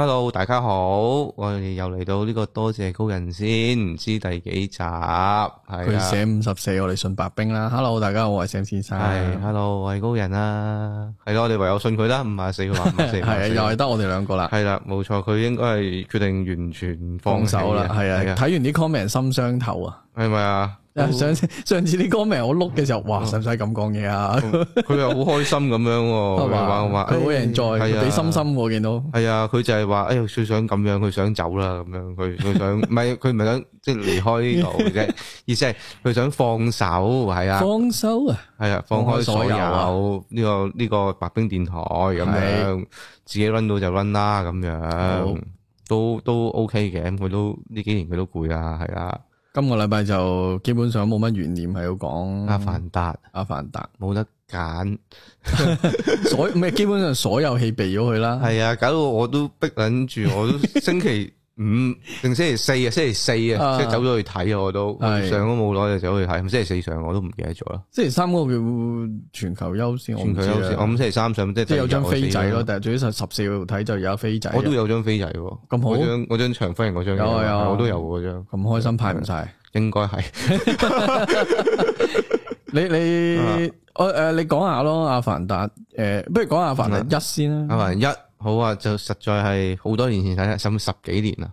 hello，大家好，我哋又嚟到呢、這個多謝高人先，唔知第幾集，佢寫五十四，54，我哋信白兵啦。hello，大家好，我係 Sam 先生，係 hello，我係高人啊，係咯，我哋唯有信佢啦，五十四話五十四，係 又係得我哋兩個啦，係啦，冇錯，佢應該係決定完全放，放手啦，係啊，睇完啲 comment 心傷透啊，係咪啊？的上上次啲歌名我碌嘅時候，哇！使唔使咁講嘢啊？佢又好開心咁樣，佢好人在，啊，俾心心，見到。係啊，佢就係話，哎呀，佢想咁樣，佢想走啦，咁樣，佢佢想，唔係佢唔係想即係離開呢度啫，意思係佢想放手，係啊，放手啊，係啊，放開所有呢個呢個白冰電台咁樣，自己 run 到就 run 啦，咁樣都都 OK 嘅。咁佢都呢幾年佢都攰啊，係啊。今個禮拜就基本上冇乜懸念，係要講阿凡達，阿凡達冇得揀。 所咩基本上所有戲避咗佢啦，係啊，搞到我都逼忍住，我都星期。 五定星期四啊，星期四啊，即係走咗去睇啊。我都上都冇攞就走去睇，咁星期四上我都唔記得咗啦。星期三嗰個叫全球優先，全球優先，我唔星期三上，即係有張飛仔咯，但係最緊要十四個度睇就有飛仔。我都有張飛仔，咁好，我張我張長飛我張，有我都有嗰張。咁開心派唔晒，應該係。你你我誒，你講下咯，阿凡達，誒，不如講下阿凡達一先啦，阿凡達一。好啊，就實在係好多年前睇啦，甚至十幾年啊，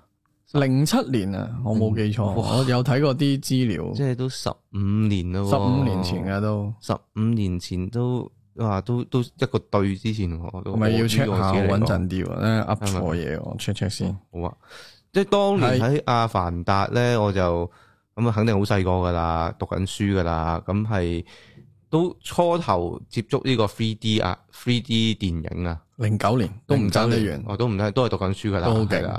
零七年、嗯、年啊，我冇記錯，我有睇過啲資料。即係都十五年啦，十五年前啊，都，十五年前都，哇，都都一個對之前我都。咪要 check 下穩陣啲啊，噏錯嘢我 check check 先。好啊，即係當年喺阿凡達咧，我就咁啊，是肯定好細個噶啦，讀緊書噶啦，咁係都初頭接觸呢個 3D 啊，3D 電影啊。零九年都唔爭咁完，年我都唔得，都係讀緊書噶啦，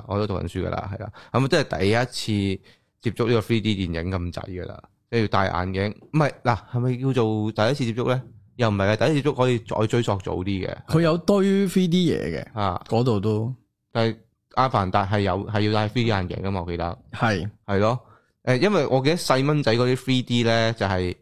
我都讀緊書噶啦，係啦，係咪即係第一次接觸呢個 3D 電影咁滯噶啦？即、就、係、是、要戴眼鏡，唔係嗱，係咪叫做第一次接觸咧？又唔係啊！第一次接觸可以再追溯早啲嘅，佢有堆 3D 嘢嘅啊，嗰度都，但係阿凡達係有係要戴 3D 眼鏡噶嘛？我記得係係咯，誒是，因為我記得細蚊仔嗰啲 3D 咧就係、是。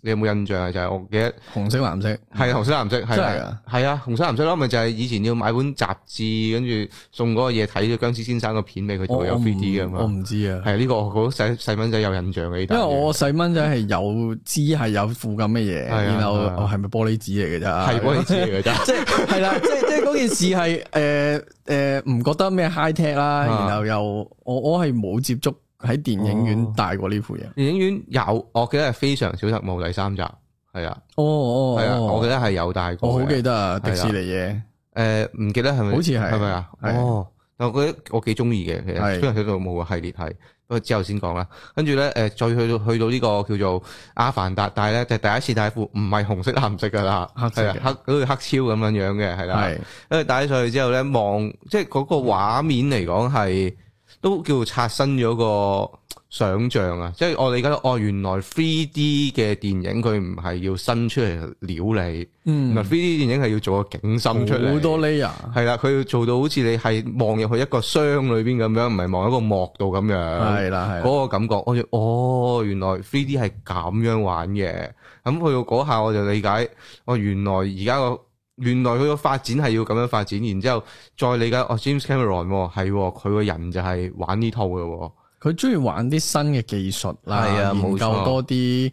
你有冇印象啊？就係、是、我記得紅色藍色係，紅色藍色係，真係啊，係啊，紅色藍色咯，咪就係以前要買本雜誌，跟住送嗰個嘢睇咗僵屍先生個片俾佢，就會有 3D 噶嘛。我唔知啊，係呢個我細細蚊仔有印象嘅呢。因為我細蚊仔係有知係有附近嘅嘢，然後係咪玻璃紙嚟嘅咋？係玻璃紙嚟嘅咋？即係啦，即係即係嗰件事係誒誒，唔覺得咩 high tech 啦，然後又我我係冇接觸。喺電影院戴過呢副嘢，哦，電影院有，我記得係《非常小特務》第三集，係啊、哦，哦，係啊，我記得係有戴過，我好記得啊，的迪士尼嘢，誒、呃，唔記得係咪，是是好似係，係咪啊，的哦，但我覺得我幾中意嘅，其實《非常小特務》系列係，不過之後先講啦，跟住咧，誒，再去到去到呢個叫做《阿凡達》，但係咧就是、第一次戴副唔係紅色、藍色黑色噶啦，黑色，黑好似黑超咁樣樣嘅，係啦，因為戴咗上去之後咧，望即係嗰個畫面嚟講係。都叫刷新咗個想像啊！即係我哋而家哦，原來 3D 嘅電影佢唔係要伸出嚟撩你，嗯，嗱 3D 電影係要做個景深出嚟，好多 layer，係啦，佢要做到好似你係望入去一個箱裏邊咁樣，唔係望一個幕度咁樣，係啦，嗰個感覺，我就哦原來 3D 係咁樣玩嘅，咁去到嗰下我就理解，哦原來而家個。原來佢個發展係要咁樣發展，然之後再理解哦，James Cameron 係佢個人就係玩呢套嘅，哦，佢中意玩啲新嘅技術啦，冇、啊、研究多啲誒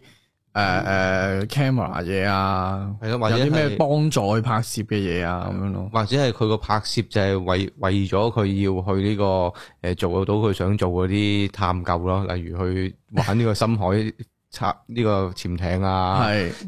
誒 camera 嘢啊，係咯，有啲咩幫助拍攝嘅嘢啊咁樣咯，或者係佢個拍攝就係為為咗佢要去呢、呢個誒做到佢想做嗰啲探究咯，例如去玩呢個深海。 拆呢個潛艇啊，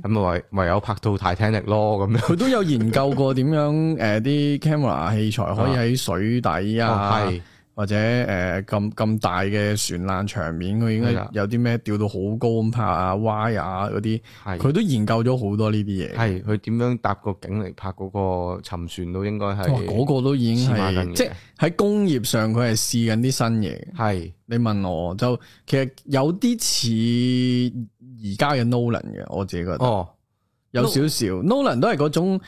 咁唯是唯有拍到 Titanic 咯，咁樣佢都有研究過點樣誒啲 camera 器材可以喺水底啊。啊哦。或者誒咁咁大嘅船難場面，佢應該有啲咩吊到好高咁拍的啊、歪啊嗰啲，佢都研究咗好多呢啲嘢，係佢點樣搭個景嚟拍嗰個沉船都應該係。哇、哦！嗰、嗰個都已經係即係喺工業上佢係試緊啲新嘢。係的你問我就其實有啲似而家嘅 Nolan 嘅，我自己覺得。哦，有少少 N Nolan 都係嗰種。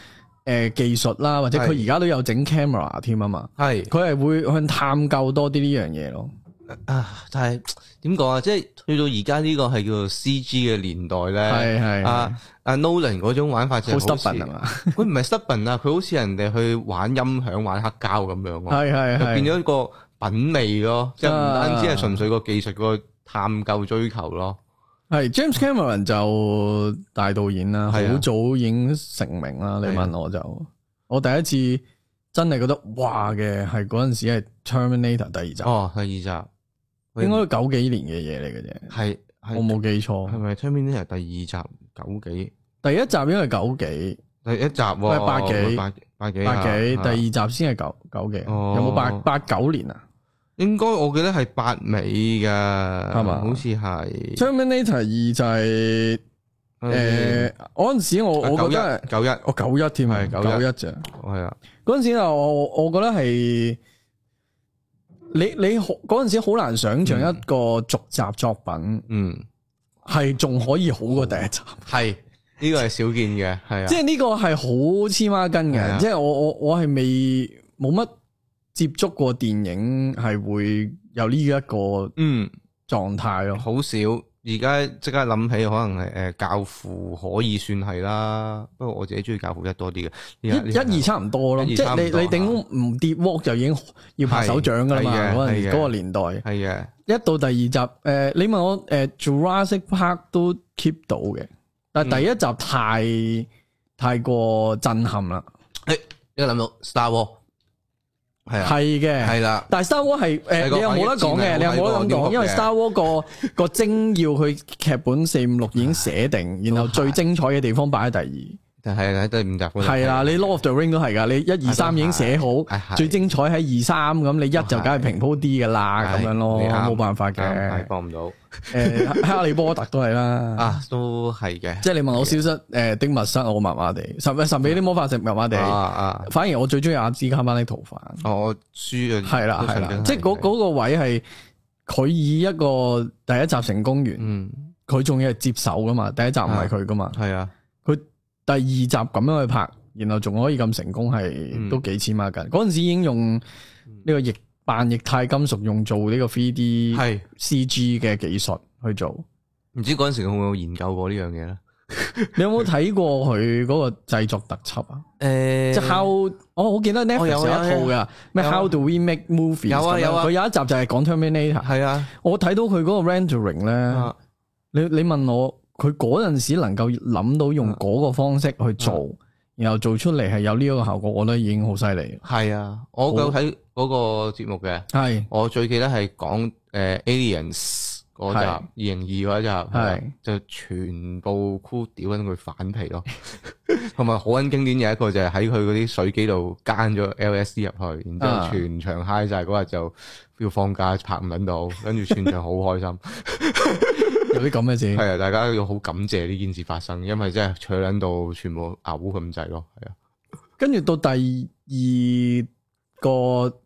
誒、呃，技術啦，或者佢而家都有整 camera 添啊是嘛，係是，佢係會去探究多啲呢樣嘢咯、呃呃。啊，但係點講啊，即係去到而家呢個係叫做 CG 嘅年代咧，係係啊啊 Nolan 嗰種玩法就好 stubborn 啊嘛，佢唔係 stubborn 啊，佢好似人哋去玩音響、玩黑膠咁樣，係係係變咗一個品味咯，即係唔單止係純粹個技術個探究追求咯。係 James Cameron 就大導演啦，好、啊、早已經成名啦。你問我就，啊、我第一次真係覺得哇嘅，係嗰陣時係 Terminator 第二集哦，第二集應該九幾年嘅嘢嚟嘅啫，係我冇記錯，係咪 Terminator 第二集九幾？第一集應該係九幾，第一集係、哦、八幾、哦、八八幾，八幾，第二集先係九九幾，哦、有冇八八九年啊？應該我記得係八尾噶，係嘛？好似係。Terminator 二就係，誒，嗰陣時我我覺得九一，我九一添係九一啫，係啊。嗰陣時啊，我我覺得係，你你嗰陣時好難想象一個續集作品，嗯，係仲可以好過第一集，係呢個係少見嘅，係啊。即係呢個係好黐孖筋嘅，即係我我我係未冇乜。接觸過電影係會有呢一個狀態，嗯，狀態咯，好少。而家即刻諗起，可能係誒教父可以算係啦，不過我自己中意教父多一多啲嘅、嗯、一二差唔多咯。即係你你頂唔跌 work 就已經要拍手掌噶啦嘛嗰陣嗰個年代。係嘅，一到第二集誒，你問我誒、呃、Jurassic Park 都 keep 到嘅，但係第一集太、嗯、太過震撼啦。誒、哎，一諗到 Star。係嘅，係啦。的的但係 Star Wars 係誒，你又冇得講嘅，一一你又冇得講，因為 Star Wars 個 個精要，去劇本四五六已經寫定， 然後最精彩嘅地方擺喺第二。係喺第五集。係啦，你 Lord of the Ring 都係噶，你一二三已經寫好，最精彩喺二三咁，你一就梗係平鋪啲噶啦，咁樣咯，冇辦法嘅，係播唔到。誒，哈利波特都係啦。啊，都係嘅。即係你問我消失，誒，的密室我麻麻地，神秘啲魔法石麻麻地。啊啊！反而我最中意阿茲卡班的逃犯。我輸咗。係啦係啦，即係嗰嗰個位係佢以一個第一集成功完，嗯，佢仲要係接手噶嘛，第一集唔係佢噶嘛。係啊。第二集咁樣去拍，然後仲可以咁成功，係都幾黐孖筋。嗰陣時已經用呢個液扮液態金屬用做呢個 3D 係 CG 嘅技術去做。唔知嗰陣時佢有冇研究過呢樣嘢咧？你有冇睇過佢嗰個製作特輯啊？誒，即係 how，我好記得呢有一套噶，咩 how do we make movies？有啊有啊。佢有一集就係講 Terminator。係啊，我睇到佢嗰個 rendering 咧，你你問我。佢嗰陣時能夠諗到用嗰個方式去做，嗯、然後做出嚟係有呢一個效果，我覺得已經好犀利。係啊，我夠睇嗰個節目嘅。係很，我最記得係講誒、呃、Aliens 嗰集，二零二嗰集，是就全部 cool 屌緊佢反皮咯。同埋好撚經典嘅一個就係喺佢嗰啲水機度奸咗 LSD 入去，然之後全場嗨晒嗰日就要放假拍唔緊到，跟住全場好開心。 有啲咁嘅事，係啊！大家要好感謝呢件事發生，因為真係坐喺度全部熬嘔咁滯咯。係啊，跟住到第二個，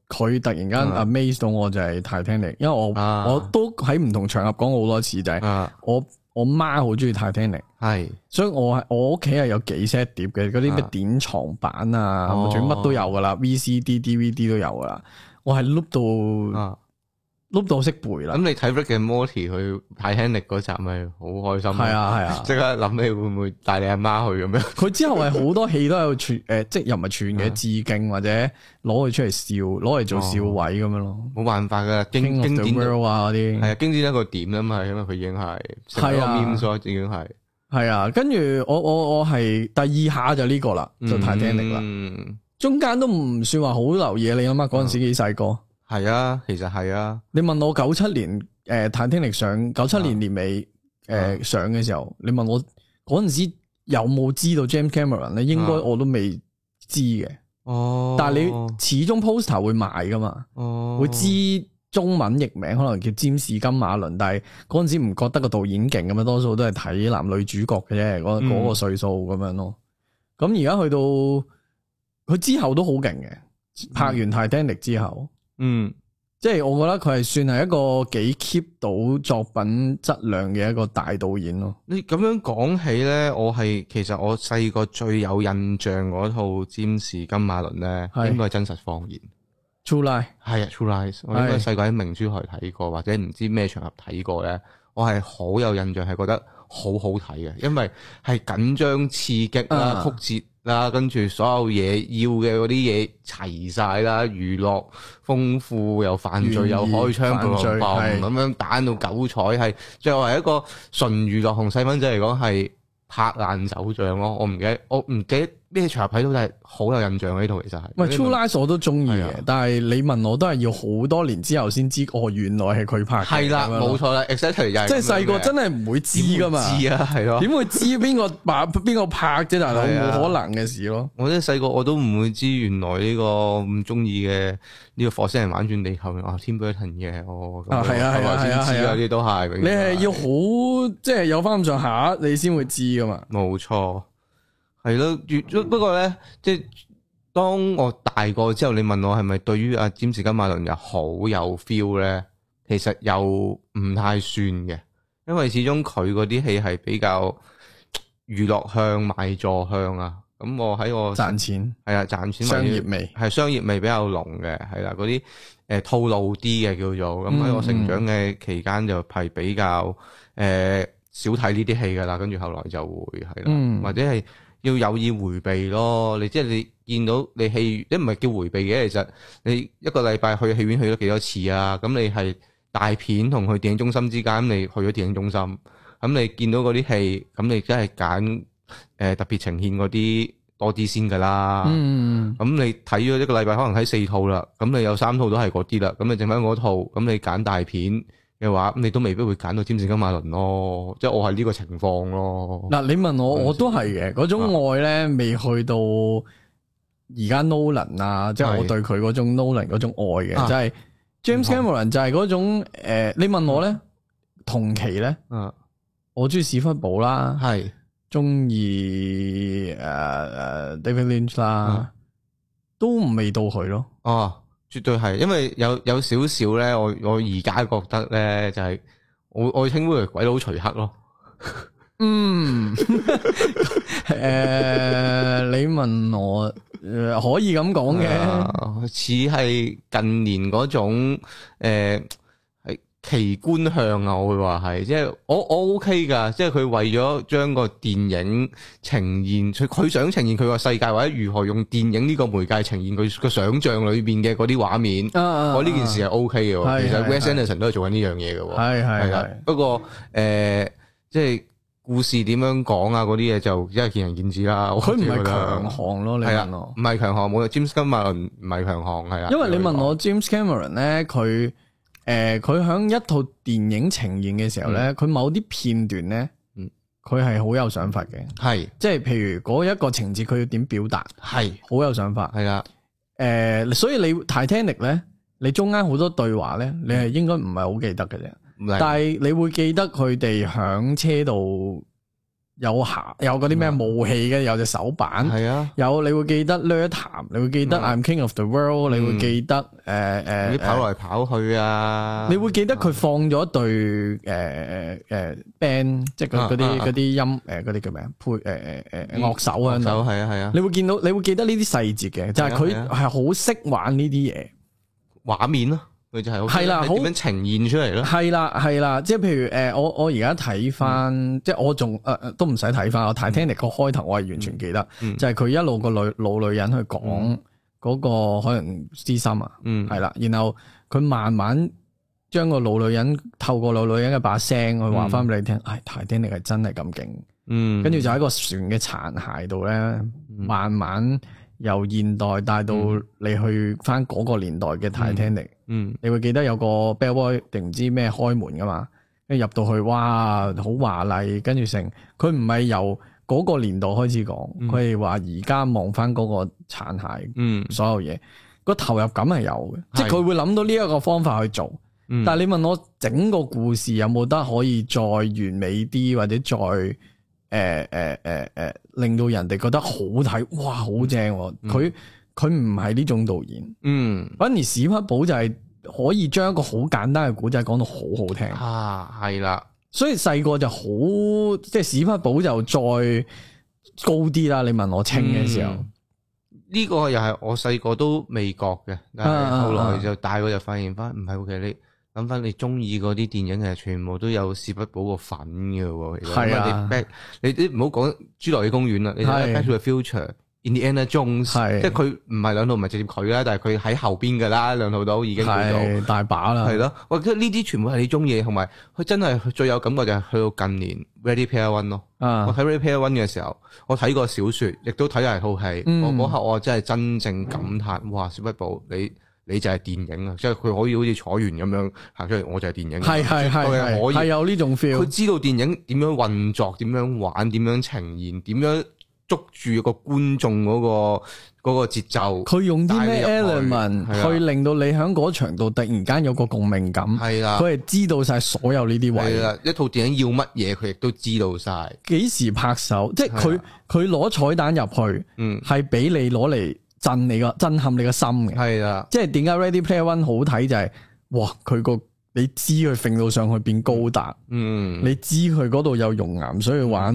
佢突然間 amaze 到我就係 Titanic，因為我、啊、我都喺唔同場合講過好多次，就係、啊、我我媽好中意 t t i Titanic，係，所以我係我屋企係有幾 set 碟嘅，嗰啲咩典藏版啊，仲乜、啊啊、都有噶啦，VCD、CD, DVD 都有噶啦，我係 loop 到、啊碌到我識背啦！咁你睇《Rick and Morty》佢睇 Titanic 嗰集咪好開心？係啊係啊！即刻諗起你會唔會帶你阿媽去咁樣？佢之後係好多戲都有串誒，即又唔係串嘅致敬或者攞佢出嚟笑，攞嚟做笑位咁樣咯。冇辦法噶，經典啊啲係啊，經典一個點啊嘛，因為佢已經係食咗面咗，已經係係啊。跟住我我我係第二下就呢個啦，就睇 Titanic 啦。嗯，中間都唔算話好留意你諗下，嗰陣時幾細個。係啊，其實係啊。你問我九七年誒《泰、呃、坦尼克》上九七年年尾誒、啊呃、上嘅時候，你問我嗰陣時有冇知道 James Cameron 咧？應該我都未知嘅。哦、啊。但係你始終 poster 會買噶嘛哦、啊。啊、會知中文譯名可能叫、James《占士金馬倫》，但係嗰陣時唔覺得個導演勁咁樣，多數都係睇男女主角嘅啫。嗰、那、嗰個歲數咁樣咯。咁而家去到佢之後都好勁嘅，拍完《泰坦尼克》之後。嗯，即係我覺得佢係算係一個幾 keep 到作品質量嘅一個大導演咯。你咁樣講起咧，我係其實我細個最有印象嗰套《占士金馬倫》咧，是應該係真實謊言。True Lie，係啊 True Lies。我應該細個喺明珠台睇過，是或者唔知咩場合睇過咧，我係好有印象，係覺得好好睇嘅，因為係緊張刺激啊，曲折。嗯啦，跟住所有嘢要嘅啲嘢齊晒啦，娛樂豐富，又犯罪又開槍，咁樣打到九彩，係作為一個純娛樂，同細蚊仔嚟講係拍爛手掌咯，我唔記得，我唔記得。咩場合睇到都係好有印象呢度，其實係。唔係《True Lies》我都中意嘅，但係你問我都係要好多年之後先知，哦，原來係佢拍嘅。係啦，冇錯啦，Exactly，即係細個真係唔會知噶嘛知啊，係咯。點會知邊個拍邊個拍啫？但係冇可能嘅事咯。我啲細個我都唔會知，原來呢個唔中意嘅呢個火星人玩轉地球，啊 Tim Burton 嘅我。啊，係啊，係啊，係啊。你都係。你係要好，即係有翻咁上下，你先會知噶嘛？冇錯。係咯，不過咧，即係當我大個之後，你問我係咪對於阿詹士金馬倫又好有 feel 咧？其實又唔太算嘅，因為始終佢嗰啲戲係比較娛樂向、賣座向啊。咁我喺我賺錢，係啊，賺錢商業味係商業味比較濃嘅，係啦，嗰啲誒套路啲嘅叫做。咁喺、嗯、我成長嘅期間就係比較誒、呃、少睇呢啲戲噶啦，跟住後來就會係啦，或者係。要有意回避咯，你即係你見到你戲，你唔係叫回避嘅其實，你一個禮拜去戲院去咗幾多次啊？咁你係大片同去電影中心之間，你去咗電影中心，咁你見到嗰啲戲，咁你真係揀誒特別呈現嗰啲多啲先㗎啦。咁、嗯、你睇咗一個禮拜，可能喺四套啦，咁你有三套都係嗰啲啦，咁你剩翻嗰套，咁你揀大片。嘅話，咁你，你都未必會揀到占士金馬倫咯，即係我係呢個情況咯。嗱，你問我，我都係嘅。嗰種愛咧，的未去到而家 Nolan 啊，的即係我對佢嗰種 Nolan 嗰種愛嘅，的就係 James Cameron 就係嗰種誒同、呃。你問我咧同期咧，嗯的，我中意史忽寶啦，係中意誒誒 David Lynch 啦，的都唔未到佢咯，哦、啊。絕對係，因為有有少少咧，我我而家覺得咧就係、是，我我稱呼為鬼佬徐克咯。 嗯，誒、 呃，你問我，誒、呃，可以咁講嘅，似係、啊、近年嗰種誒。呃奇觀向啊，我會話係，即係我我 OK 噶，即係佢為咗將個電影呈現，佢佢想呈現佢個世界，或者如何用電影呢個媒介呈現佢個想象裏邊嘅嗰啲畫面，我呢件事係 OK 嘅。其實 Wes Anderson 都係做緊呢樣嘢嘅，係係係不過誒，即係故事點樣講啊，嗰啲嘢就一見仁見智啦。佢唔係強項咯，係啊，唔係強項，冇錯。James Cameron 唔係強項係啊。因為你問我 James Cameron 咧，佢。誒，佢響、呃、一套電影呈現嘅時候咧，佢、嗯、某啲片段咧，嗯，佢係好有想法嘅，係是，即係譬如嗰一個情節，佢要點表達，係，好有想法，係啦的，誒、呃，所以你 Titanic 咧，你中間好多對話咧，你係應該唔係好記得嘅啫，嗯、但係你會記得佢哋響車度。有下，有嗰啲咩武器嘅，有隻手板，係啊，有你會記得掠談，你會記得 I'm King of the World，你會記得誒誒跑來跑去啊，你會記得佢放咗對誒誒誒 band，即係嗰啲啲音誒嗰啲叫咩啊配誒誒誒樂手啊，就係啊，係啊，你會見到，你會記得呢啲細節嘅，就係佢係好識玩呢啲嘢畫面咯。佢就係好係啦，好點樣呈現出嚟咯？係啦，係啦，即係譬如誒、呃，我我而家睇翻，即係我仲誒誒都唔使睇翻，我、嗯我，呃、我 Titanic，個開頭我係完全記得，嗯、就係佢一路個女老女人去講嗰個可能私心啊，嗯，係啦，然後佢慢慢將個老女人透過老女人嘅把聲去話翻俾你聽，唉，Titanic 係真係咁勁，嗯，跟住、哎嗯、就喺個船嘅殘骸度咧，慢慢。由現代帶到你去翻嗰個年代嘅 Titanic，嗯，你會記得有個 bellboy 定唔知咩開門噶嘛？因為入到去，哇，好華麗，跟住成佢唔係由嗰個年代開始講，佢係話而家望翻嗰個殘骸，嗯，嗯，所有嘢、個投入感係有嘅，的即係佢會諗到呢一個方法去做。嗯、但係你問我整個故事有冇得可以再完美啲或者再？誒誒誒誒，令到人哋覺得好睇，哇，好正啊！佢佢唔係呢種導演，嗯，反而史匹堡就係可以將一個好簡單嘅古仔講到好好聽啊，係啦，所以細個就好，即係史匹堡就再高啲啦。你問我清嘅時候，呢、嗯呢個又係我細個都未覺嘅，但後來就大個就發現翻唔係好吉利。諗翻你中意嗰啲電影，其實全部都有史匹堡個粉嘅。係、啊、你 ad, 你唔好講侏羅紀公園啦，是你 Back to the Future，Indiana Jones，是即係佢唔係兩套，唔係直接佢啦，但係佢喺後邊噶啦，兩套都已經做到大把啦。係咯，我覺得呢啲全部係你中意，同埋佢真係最有感覺就係去到近年 Ready Player One 咯。我睇《Ready Player One 嘅、啊、時候，我睇過小說，亦都睇咗套戲。嗯，我嗰刻我，我真係真正感嘆，哇！史匹堡你。你就係電影啊！即係佢可以好似彩原咁樣行出嚟，我就係電影。係係係係，佢可以，係有呢種 feel。佢知道電影點樣運作，點樣玩，點樣呈現，點樣捉住個觀眾嗰個嗰個節奏。佢用啲咩 element？佢令到你喺嗰場度突然間有個共鳴感。係啦的，佢係知道晒所有呢啲位。係啦，一套電影要乜嘢，佢亦都知道晒。幾時拍手？即係佢佢攞彩蛋入去，嗯，係俾你攞嚟。震你個，震撼你個心嘅。係啦的，即係點解 Ready Player One 好睇就係，是，哇佢，個你知佢揈到上去變高達，嗯，你知佢嗰度有熔岩，所以玩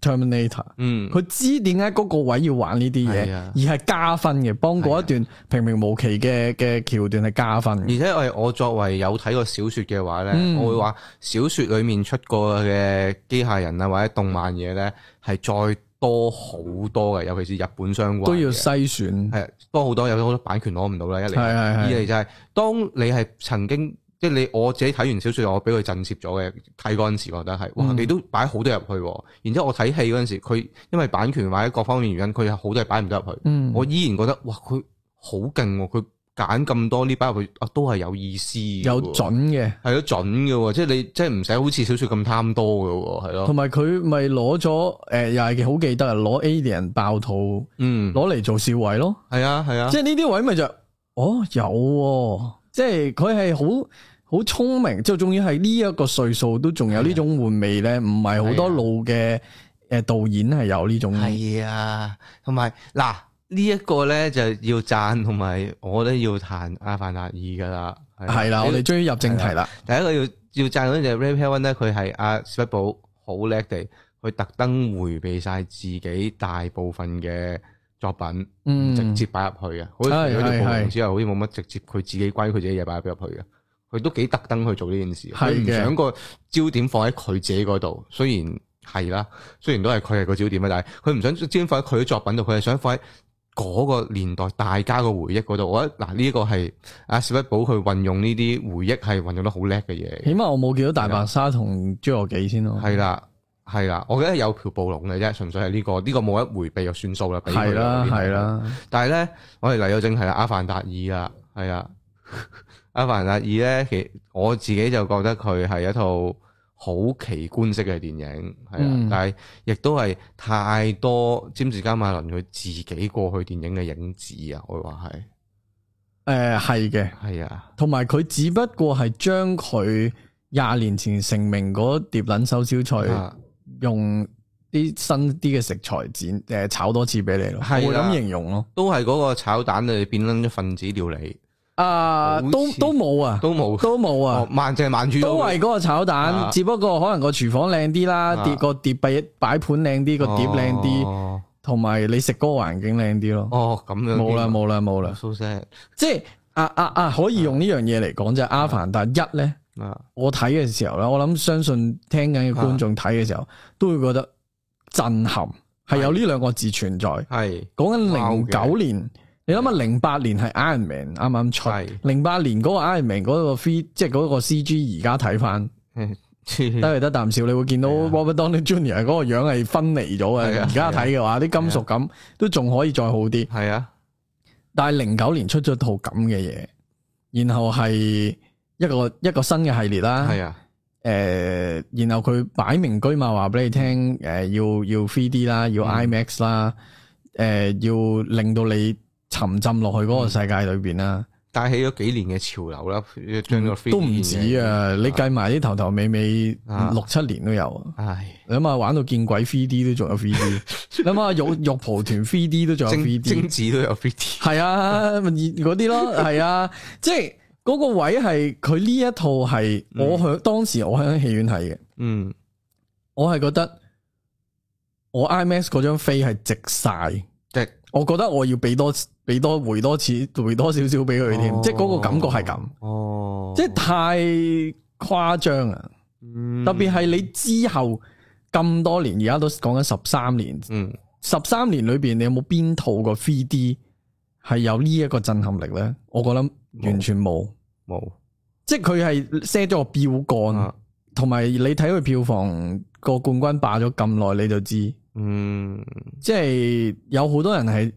Terminator，嗯，佢知點解嗰個位要玩呢啲嘢，的而係加分嘅，幫過一段平平無奇嘅嘅橋段係加分。而且係我作為有睇過小說嘅話咧，嗯、我會話小說裏面出過嘅機械人啊或者動漫嘢咧係再，多好多嘅，尤其是日本相關都要篩選，係多好多有好多版權攞唔到啦。一嚟，二嚟就係當你係曾經即係你我自己睇完小說，我俾佢震懾咗嘅睇嗰陣時，我覺得係哇，你都擺好多入去。然之後我睇戲嗰陣時，佢因為版權或者各方面原因，佢有好多係擺唔得入去。嗯我依然覺得哇，佢好勁，佢。揀咁多呢班佢啊，都係有意思，有準嘅，係有準嘅，即係你即係唔使好似小說咁貪多嘅，係咯，啊。同埋佢咪攞咗誒，又係好記得，攞 Alien 爆肚，嗯，攞嚟做笑位咯，係啊，係啊。即係呢啲位咪就是，哦，有、啊，即係佢係好好聰明，即係終於係呢一個歲數都仲有呢種玩味咧，唔係好多老嘅誒導演係有呢種，係啊，同埋嗱。呢一個咧就要讚同埋，我都要彈阿凡達二㗎啦。係啦，我哋終於入正題啦。第一個要要讚嗰隻 rap heaven 咧，佢係阿斯威堡好叻地，佢特登迴避晒自己大部分嘅作品，嗯、直接擺入去嘅。係係、嗯，只係好似冇乜直接佢自己關於佢自己嘢擺入去嘅。佢都幾特登去做呢件事，佢唔想個焦點放喺佢自己嗰度。雖然係啦，雖然都係佢係個焦點啊，但係佢唔想將放喺佢嘅作品度，佢係想放喺嗰個年代大家嘅回憶嗰度、啊， 我覺得嗱，呢一個係阿小一寶佢運用呢啲回憶係運用得好叻嘅嘢。起碼我冇見到大白鯊同侏羅紀先咯。係啦，係啦，我記得有條暴龍嘅啫，純粹係呢、呢個呢、呢個冇一回避就算數啦。係啦，係啦。的但係咧，我哋嚟咗正係啦，《阿凡達二》啦，係啦，《阿凡達二》咧，其我自己就覺得佢係一套好奇觀式嘅電影係啊，嗯、但係亦都係太多占士加馬倫佢自己過去電影嘅影子啊，我話係，誒係嘅，係啊，同埋佢只不過係將佢廿年前成名嗰碟撚手小菜、啊，用啲新啲嘅食材剪誒炒多次俾你咯，係咁的形容咯，都係嗰個炒蛋你變翻一分子料理。啊，都都冇啊，都冇，都冇啊，慢就係慢煮，都係嗰個炒蛋，只不過可能個廚房靚啲啦，碟個碟擺擺盤靚啲，個碟靚啲，同埋你食嗰個環境靚啲咯。哦，咁樣冇啦冇啦冇啦。Sam 生，即係啊啊啊，可以用呢樣嘢嚟講就係阿凡達一咧。啊，我睇嘅時候啦，我諗相信聽緊嘅觀眾睇嘅時候都會覺得震撼，係有呢兩個字存在。係講緊零九年。你諗下，零八年係 Iron Man 啱啱出，零八年嗰個 Iron Man 嗰個 three，即係嗰個 CG 而家睇翻，都係得嚟得啖笑。你會見到 Robert Downey Junior 嗰個樣係分離咗嘅。而家睇嘅話，啲金屬感都仲可以再好啲。係啊，但係零九年出咗套咁嘅嘢，然後係一個一個新嘅系列啦。係啊，誒，然後佢擺明車馬話俾你聽，誒，要要 three D 啦，要 IMAX 啦，誒，要令到你。沉浸落去嗰個世界裏邊啦、啊，帶、嗯、起咗幾年嘅潮流啦，都唔止啊！你計埋啲頭頭尾尾六七年都有，啊。諗下、啊、玩到見鬼 three d 都仲有 three d 諗下肉肉蒲團 three d 都仲有 three D。貞子都有 three d 係啊，嗰啲咯，係 啊，即係嗰、嗰個位係佢呢一套係我響當時我喺戲院睇嘅，嗯，我係覺得我 IMAX 嗰張飛係值晒，值， 我覺得我要俾多。俾多回多次，回多少少俾佢添，哦、即係嗰個感覺係咁，哦、即係太誇張啊！嗯、特別係你之後咁多年，而家都講緊十三年，十三、嗯、年裏邊你有冇邊套個 3D 係有呢一個震撼力咧？我覺得完全冇冇，嗯、即係佢係 set 咗個標杆，同埋、啊、你睇佢票房、個冠軍霸咗咁耐，你就知，嗯嗯、即係有好多人係。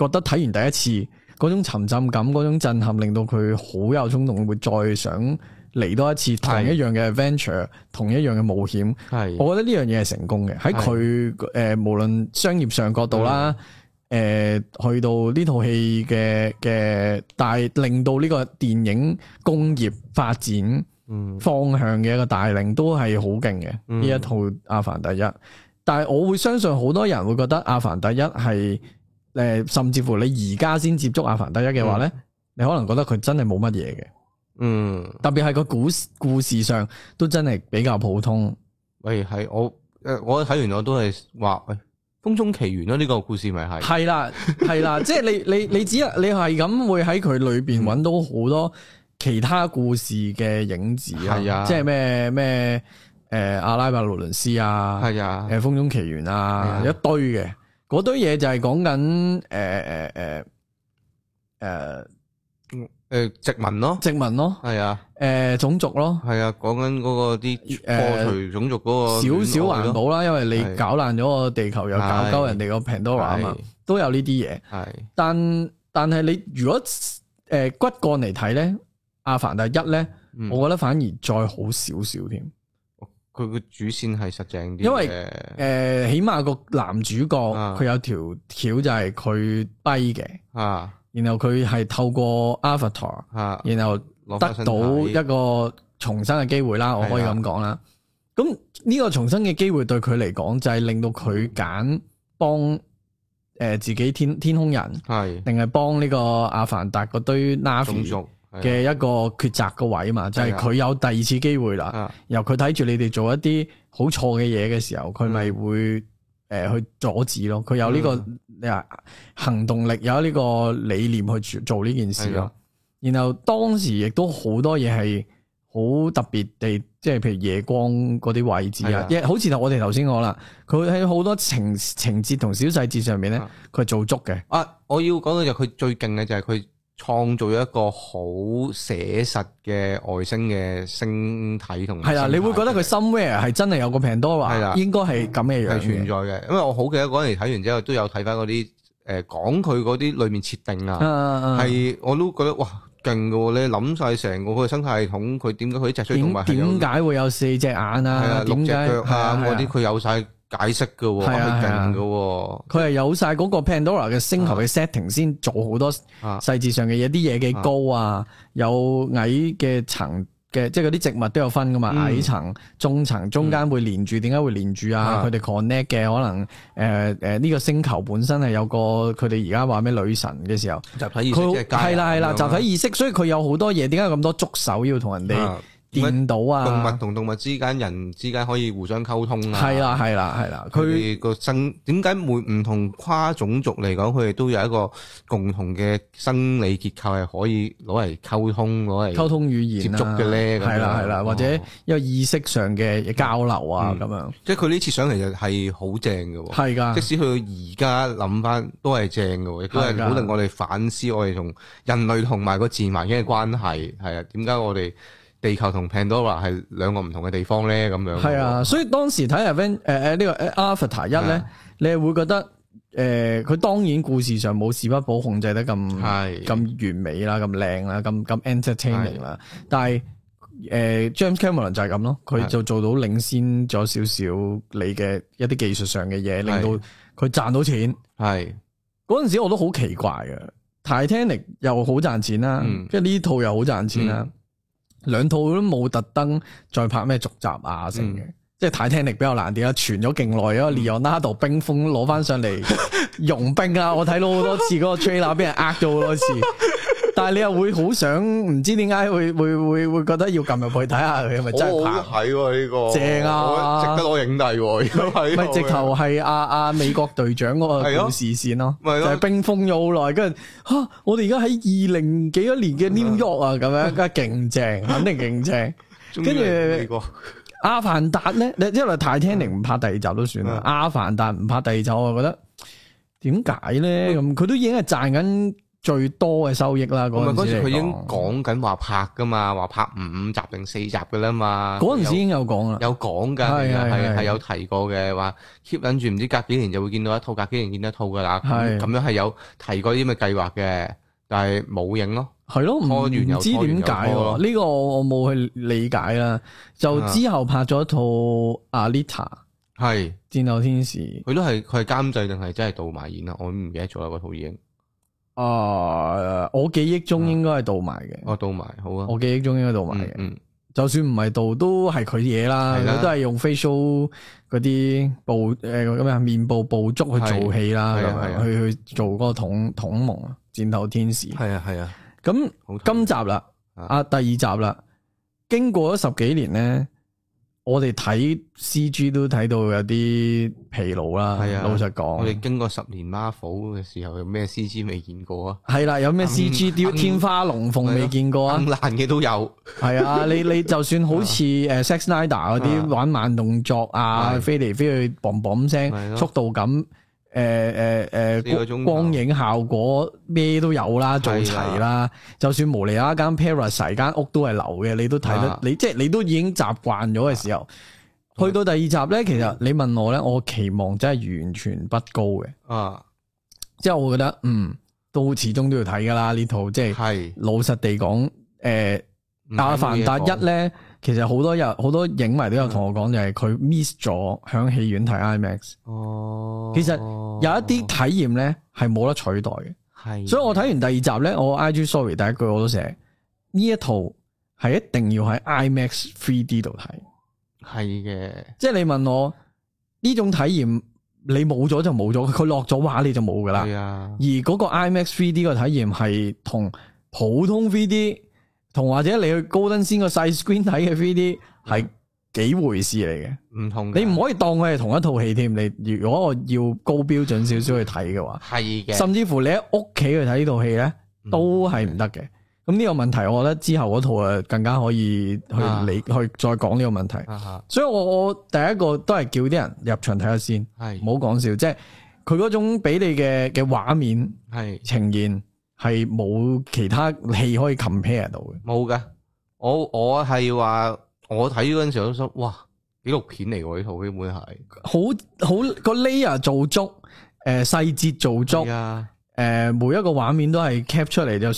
覺得睇完第一次嗰種沉浸感、嗰種震撼，令到佢好有衝動，會再想嚟多一次，一 ure, 同一樣嘅 adventure，同一樣嘅冒險。係的，我覺得呢樣嘢係成功嘅。喺佢誒，無論商業上角度啦，誒的、呃，去到呢套戲嘅嘅，帶令到呢個電影工業發展方向嘅一個帶領都係好勁嘅。呢一套《阿凡達一》的，但係我會相信好多人會覺得《阿凡達一》係。誒，甚至乎你而家先接觸阿凡達一嘅話咧，嗯、你可能覺得佢真係冇乜嘢嘅，嗯，特別係個故事故事上都真係比較普通。喂，係我誒，我睇、呃、完我都係話，喂，欸《風中奇緣、啊》咯，呢個故事咪係？係啦，係啦，啦 即係你你你只係你係咁會喺佢裏邊搵到好多其他故事嘅影子，係啊，啊即係咩咩誒，《阿拉伯勞倫斯》啊，係啊，啊《風中奇緣》啊，一堆嘅。的 嗰堆嘢就係講緊誒誒誒誒誒殖民咯，殖民咯，係啊，誒種族咯，係啊、嗯，講緊嗰個啲破除種族嗰個少少環保啦，因為你搞爛咗個地球又搞鳩人哋個潘多拉啊嘛，都有呢啲嘢，係，但但係你如果誒、呃、骨幹嚟睇咧，阿凡達一咧，我覺得反而再好少少添。佢個主線係實正啲，因為誒、呃、起碼個男主角佢有條橋就係佢跛嘅，啊，啊然後佢係透過 Avatar，啊，然後得到一個重生嘅機會啦，啊、我可以咁講啦。咁呢、啊、個重生嘅機會對佢嚟講就係令到佢揀幫誒、呃、自己天天空人，係、啊，定係幫呢個阿凡達嗰堆嘅一個抉擇個位嘛，就係、是、佢有第二次機會啦。的然後佢睇住你哋做一啲好錯嘅嘢嘅時候，佢咪會誒的、呃、去阻止咯。佢有呢、這個啊的行動力，有呢個理念去做呢件事咯。的然後當時亦都好多嘢係好特別地，即係譬如夜光嗰啲位置啊，好似的我哋頭先講啦。佢喺好多情情節同小細節上面咧，佢做足嘅。的啊，我要講到就佢最勁嘅就係佢。創造一個好寫實嘅外星嘅星體同，係啦，你會覺得佢 somewhere 係真係有個潘多拉，應該係咁嘅樣，樣。係存在嘅，因為我好記得嗰陣睇完之後，都有睇返嗰啲誒講佢嗰啲裏面設定啊，啊，啊，係我都覺得哇勁嘅喎！你諗晒成個佢嘅生態系統，佢點解佢脊椎動物同埋點解會有四隻眼啊、係啊六隻腳啊嗰啲佢有晒。解釋嘅係啊係啊，佢係有晒嗰個 Pandora 嘅星球嘅 setting 先做好多細節上嘅嘢，啲嘢幾高啊，有矮嘅層嘅，即係嗰啲植物都有分噶嘛，矮層、中層中間會連住，點解會連住啊？佢哋 connect 嘅，可能誒誒呢個星球本身係有個佢哋而家話咩女神嘅時候集體意識，係啦係啦，集體意識，所以佢有好多嘢，點解有咁多觸手要同人哋？見到啊，動物同動物之間、人之間可以互相溝通啊。係啦、啊，係啦、啊，係啦、啊。佢個生點解每唔同跨種族嚟講，佢哋都有一個共同嘅生理結構，係可以攞嚟溝通，攞嚟溝通語言接觸嘅咧。係啦、啊，係啦、啊，啊哦、或者一個意識上嘅交流啊，咁、嗯、樣。嗯、即係佢呢次上嚟，其實係好正噶。係噶，即使佢而家諗翻都係正噶，都係鼓勵我哋反思我哋同人類同埋個自然環境嘅關係。係啊，點解我哋？地球同 Pandora 係兩個唔同嘅地方咧，咁樣。係啊，所以當時睇 Aveng、呃這個、a n g 誒呢個 Avatar 一咧、啊，你會覺得誒佢、呃、當然故事上冇史畢堡控制得咁係咁完美啦，咁靚啦，咁咁 entertaining 啦是。但係誒、呃、James Cameron 就係咁咯，佢就做到領先咗少少你嘅一啲技術上嘅嘢，是令到佢賺到錢。係嗰陣時我都好奇怪嘅，Titanic 又好賺錢啦，即係呢套又好賺錢啦。嗯兩套都冇特登再拍咩續集啊，成嘅、嗯，即係睇聽力比較難啲啦。傳咗勁耐咯，Leonardo 冰封攞翻上嚟融冰啊！ 我睇到好多次嗰個 trailer，俾 人呃咗好多次。 但係你又會好想唔知點解會會會會覺得要撳入去睇下佢係咪真係？拍睇喎，呢個正啊，我值得攞影帝啊。咪 不 直頭係阿阿美國隊長嗰個故事線咯， 啊、就係冰封咗好耐，跟住，吓我哋而家喺二零幾多年嘅 New York 啊咁樣，梗係勁正，肯定勁正。跟住 阿凡達咧，你因為 Titanic 唔拍第二集都算啦，阿凡達唔拍第二集，我覺得點解咧？咁佢 都已經係賺緊。最多嘅收益啦，嗰陣時佢已經講緊話拍噶嘛，話拍五集定四集嘅啦嘛。嗰陣時已經有講啦，有講噶，係係係有提過嘅，話 keep 緊住，唔知隔幾年就會見到一套，隔幾年見到一套噶啦。係咁樣係有提過啲咁嘅計劃嘅，但係冇影咯。係咯，唔唔知點解呢個我冇去理解啦。就之後拍咗一套阿麗塔，係戰鬥天使。佢都係佢係監製定係真係導埋演啊？我唔記得咗啦，嗰套已經。啊、哦！我記憶中應該係導埋嘅，哦導埋好啊！我記憶中應該導埋嘅、嗯，嗯，就算唔係導都係佢嘢啦，都係、啊、用 face show 嗰啲布，誒咁樣面部捕捉去做戲啦、啊啊，去去做嗰個統銃夢戰鬥天使，係啊係啊，咁、啊啊、那今集啦，啊第二集啦，經過咗十幾年咧。我哋睇 CG 都睇到有啲疲勞啦。係啊，老實講，我哋經過十年 Marvel 嘅時候，有咩 CG 未見過啊？係啦、嗯，有咩 CG 掉天花龍鳳未見過啊？爛嘅、嗯嗯、都有。係 啊，你你就算好似誒 Snyder 嗰啲玩慢動作啊，了飛嚟飛去，嘣嘣聲，了速度感。誒誒誒，呃呃呃、光影效果咩都有啦，做齊啦。的就算無有一間 Paras 間屋都係流嘅，你都睇得、啊、你即係你都已經習慣咗嘅時候，啊、去到第二集咧，其實你問我咧，我期望真係完全不高嘅。啊，即係我覺得嗯，都始終都要睇噶啦呢套，即係的老實地講，誒、呃，阿凡達一咧。其實好多有好多影迷都有同我講，嗯、就係佢 miss 咗響戲院睇 IMAX。哦，其實有一啲體驗呢係冇得取代嘅。係的，所以我睇完第二集呢，我 IG sorry 第一句我都寫呢一套係一定要喺 IMAX 3D 度睇。係嘅的，即係你問我呢種體驗你冇咗就冇咗，佢落咗畫你就冇噶啦。係啊的，而嗰個 IMAX 3D 個體驗係同普通 3D。同或者你去高登先個細 screen 睇嘅 3D 係幾回事嚟嘅？唔同，你唔可以當佢係同一套戲添。你如果我要高標準少少去睇嘅話，係嘅的。甚至乎你喺屋企去睇呢套戲咧，都係唔得嘅。咁呢的個問題，我覺得之後嗰套誒更加可以去你，啊，去再講呢個問題。啊、哈所以我我第一個都係叫啲人入場睇下先，係唔好講笑，即係佢嗰種俾你嘅嘅畫面係呈現。係冇其他戲可以 compare 到嘅，冇㗎。我我係話我睇嗰陣時都諗，哇，紀錄片嚟嘅呢套基本係，好好個 layer 做足，誒細節做足，誒的每一個畫面都係 capture 出嚟，就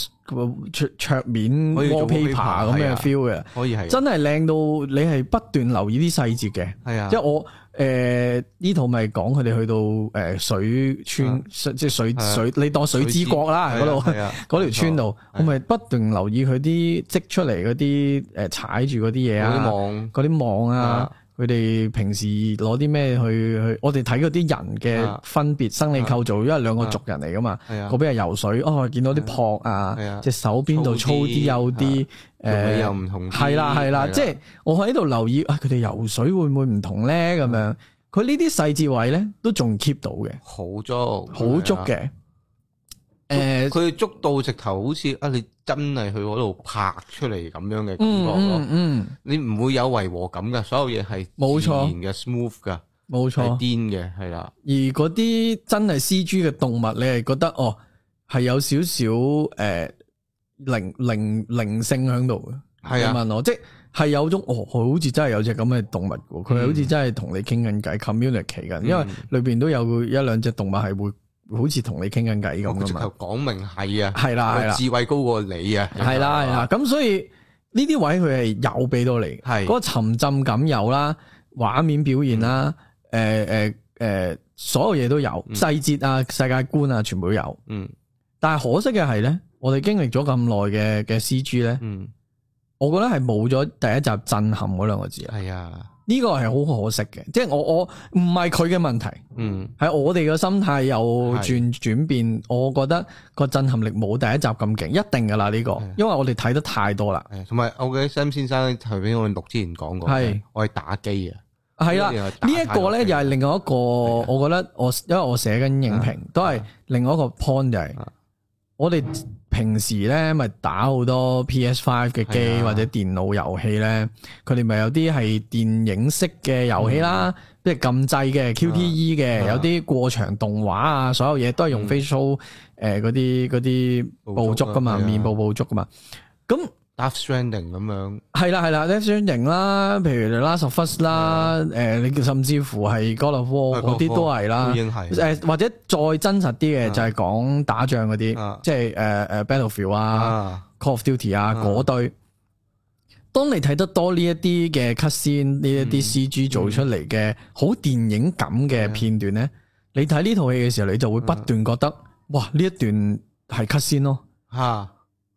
桌桌面做做 paper 咁嘅 feel 嘅，可以係真係靚到你係不斷留意啲細節嘅，係啊的，即係我。誒，呢、呃、套咪講佢哋去到誒水村，即係水水，水啊、你當水之國啦嗰度，嗰條村度，我咪、啊啊、不斷留意佢啲積出嚟嗰啲誒踩住嗰啲嘢啊，嗰啲、啊、網啊。佢哋平時攞啲咩去去？我哋睇嗰啲人嘅分別、啊、生理構造，因為兩個族人嚟㗎嘛，嗰、啊、邊係游水哦，見到啲膊啊，隻、啊、手邊度粗啲，啊、幼啲誒又唔同，係啦係啦，啊啊、即係我喺度留意啊，佢哋游水會唔會唔同咧？咁、啊、樣佢呢啲細節位咧都仲 keep 到嘅，好足，好、啊、足嘅。佢捉到直頭，好似啊，你真係去嗰度拍出嚟咁樣嘅感覺咯、嗯。嗯，你唔會有違和感噶，所有嘢係冇錯，自然嘅 smooth 噶的，冇錯係癲嘅係啦。而嗰啲真係 CG 嘅動物，你係覺得哦，係有少少誒靈靈靈性喺度嘅。係啊，問我即係有種哦，好似真係有隻咁嘅動物，佢好似真係同你傾緊偈，communicate 噶。嗯、因為裏邊都有一兩隻動物係會。好似同你傾緊偈咁啊嘛，講、哦、明係啊，係啦係啦，智慧高過你啊，係啦係啦，咁所以呢啲位佢係有俾到你，係嗰的個沉浸感有啦，畫面表現啦，誒誒誒，所有嘢都有細節啊，世界觀啊，全部都有，嗯，但係可惜嘅係咧，我哋經歷咗咁耐嘅嘅 CG 咧，嗯，我覺得係冇咗第一集震撼嗰兩個字啊，係啊的。的呢個係好可惜嘅，即係我我唔係佢嘅問題，嗯，係我哋嘅心態有轉轉變，我覺得個震撼力冇第一集咁勁，一定㗎喇呢個，因為我哋睇得太多啦，同埋我記得 Sam 先生頭先我哋錄之前講過，係我係打機嘅，係啊，呢一個咧又係另外一個，我覺得我因為我寫緊影評，都係另外一個 point 就係我哋。平時咧咪打好多 PS5 嘅機或者電腦遊戲咧，佢哋咪有啲係電影式嘅遊戲啦，即係撳掣嘅 QTE 嘅，啊、有啲過場動畫啊，所有嘢都係用 Facebook 誒嗰啲嗰啲捕捉噶嘛，啊啊、面部捕捉噶嘛，咁。Death Stranding 咁樣，係啦係啦 Death Stranding 啦，譬如 Last of Us 啦，誒，你甚至乎係《God of War》嗰啲都係啦，誒，或者再真實啲嘅就係講打仗嗰啲，即係誒誒 Battlefield 啊，Call of Duty 啊嗰堆。當你睇得多呢一啲嘅 cutscene，呢一啲 CG 做出嚟嘅好電影感嘅片段咧，你睇呢套戲嘅時候，你就會不斷覺得，哇，呢一段係 cutscene 咯，吓。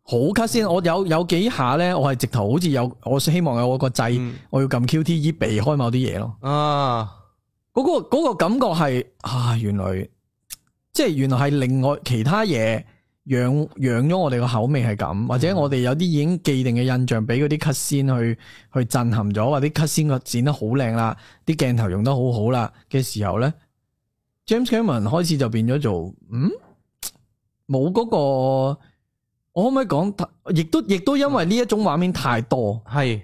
好 cut 先，我有有幾下咧，我係直頭好似有，我希望有我個掣，嗯、我要撳 QTE 避開某啲嘢咯。啊，嗰、嗰個、嗰個感覺係啊，原來即係原來係另外其他嘢養養咗我哋個口味係咁，或者我哋有啲已經既定嘅印象，俾嗰啲 cut 先去去震撼咗，或啲 cut 先個剪得好靚啦，啲鏡頭用得好好啦嘅時候咧，James Cameron 開始就變咗做嗯冇嗰、嗰個。我可唔可以講？亦都亦都因為呢一種畫面太多，係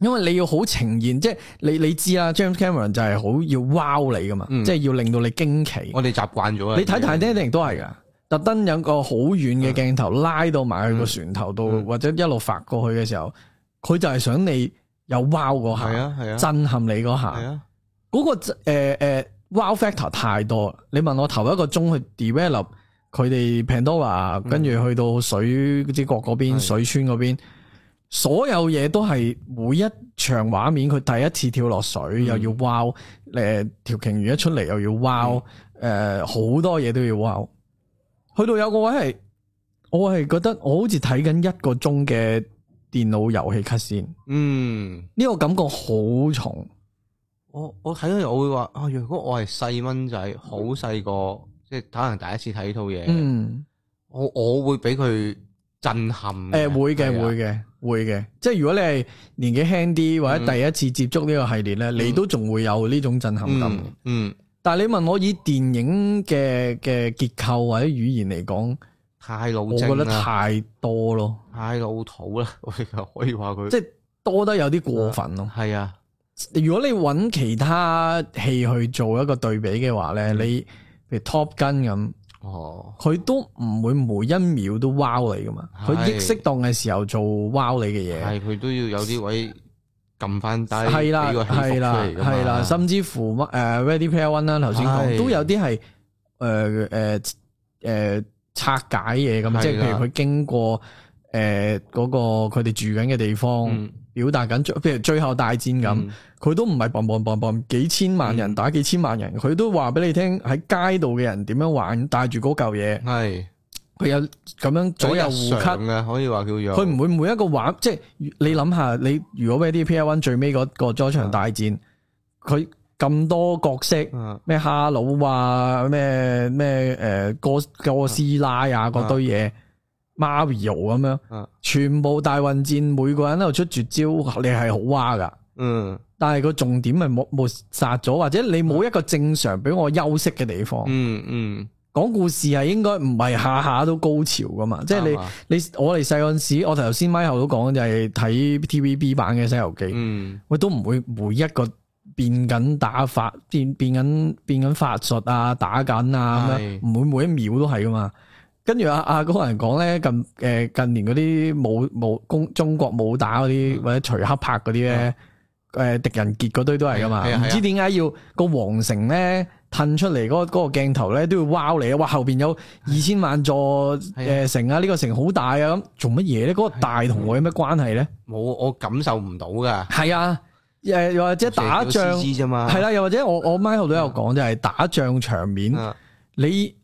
因為你要好呈現，即係你你知啦，James Cameron 就係好要 wow 你噶嘛，嗯、即係要令到你驚奇。我哋習慣咗啦。你睇《Titanic》都係噶，特登有個好遠嘅鏡頭拉到埋去個船頭度，嗯、或者一路發過去嘅時候，佢就係想你有 wow 嗰下，係啊係啊，啊震撼你嗰下，係啊，嗰、啊嗰個誒誒、呃呃、wow factor 太多，你問我頭一個鐘去 develop？佢哋 Pandora，跟住去到水之國嗰邊、嗯、水村嗰邊，的所有嘢都係每一場畫面，佢第一次跳落水、嗯、又要 wow，誒條鯨魚一出嚟又要 wow，誒好、嗯呃、多嘢都要 wow。去到有個位係，我係覺得我好似睇緊一個鐘嘅電腦遊戲 cut 線，嗯呢個感覺好重。我我睇到我會話，啊如果我係細蚊仔，好細個。即係可能第一次睇呢套嘢，我我會俾佢震撼。誒，會嘅，會嘅 Yes,，會嘅。即係如果你係年紀輕啲或者第一次接觸呢個系列咧，嗯、你都仲會有呢種震撼感。嗯，嗯但係你問我以電影嘅嘅結構或者語言嚟講，太老，我覺得太多咯，太老土啦， 可以話佢，即係多得有啲過分咯。係啊、嗯，如果你揾其他戲去做一個對比嘅話咧，你。嗯嗯譬如 Top Gun 咁，哦，佢都唔會每一秒都 wow 你噶嘛，佢亦適當嘅時候做 wow 你嘅嘢，係佢都要有啲位撳翻低，係啦，係啦，係啦，甚至乎乜誒、呃、Ready Player One 啦、啊，頭先講都有啲係誒誒誒拆解嘢咁，的即係譬如佢經過誒嗰、呃那個佢哋住緊嘅地方。嗯表達緊，譬如最後大戰咁，佢、嗯、都唔係嘣嘣嘣嘣，幾千萬人打幾千萬人，佢、嗯、都話俾你聽喺街度嘅人點樣玩，帶住嗰嚿嘢，係佢有咁樣左右互吸嘅，可以話叫樣。佢唔會每一個玩，即係你諗下，嗯、你如果俾啲 P L One 最尾嗰個咗場大戰，佢咁、嗯、多角色，咩、嗯嗯、哈佬啊，咩咩誒哥哥斯拉啊，嗰堆嘢。嗯嗯 Mario 咁樣，啊、全部大混戰，每個人喺度出絕招，你係好哇噶，嗯，但係個重點係冇冇殺咗，或者你冇一個正常俾我休息嘅地方，嗯嗯，講故事係應該唔係下下都高潮噶嘛，嗯、即係你你我哋細嗰陣時，我頭先咪 i c 都講就係睇 TVB 版嘅《西遊記》，嗯，我都唔、嗯、會每一個變緊打法，變變緊變緊法術啊，打緊啊，唔的會每一秒都係噶嘛。跟住阿阿高人講咧，近誒近年嗰啲武武功中國武打嗰啲或者徐克拍嗰啲咧，誒狄仁傑嗰堆都係噶嘛？唔知點解要個皇城咧褪出嚟嗰嗰個鏡頭咧都要 wow 嚟啊！哇，後邊有二千萬座誒城啊，呢個城好大啊！咁做乜嘢咧？嗰、嗰個大同我有咩關係咧？冇，我感受唔到噶。係啊，誒又或者打仗啫嘛。係啦，又或者我我 Michael 都有講就係、係、打仗場面，的你誒。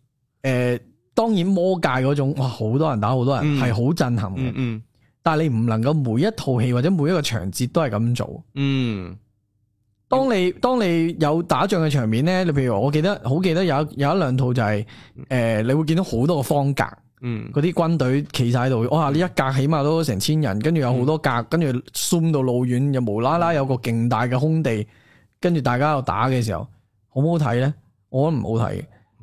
呃當然魔界嗰種哇，好多人打好多人，係好一震撼嘅。一但係你唔能夠每一套戲或者每一個場節都係咁做。嗯，當你一當你有打仗嘅場面呢，你譬如我記得好記得有有一兩套就係、是、誒、呃，你會見到好多個方格，嗯，嗰啲軍隊企晒喺度。哇，呢一格起碼都成千人，跟住有好多格，跟住 zoom 到老遠，又無啦啦有個勁大嘅空地，跟住大家又打嘅時候，好唔好睇呢？我覺得唔好睇。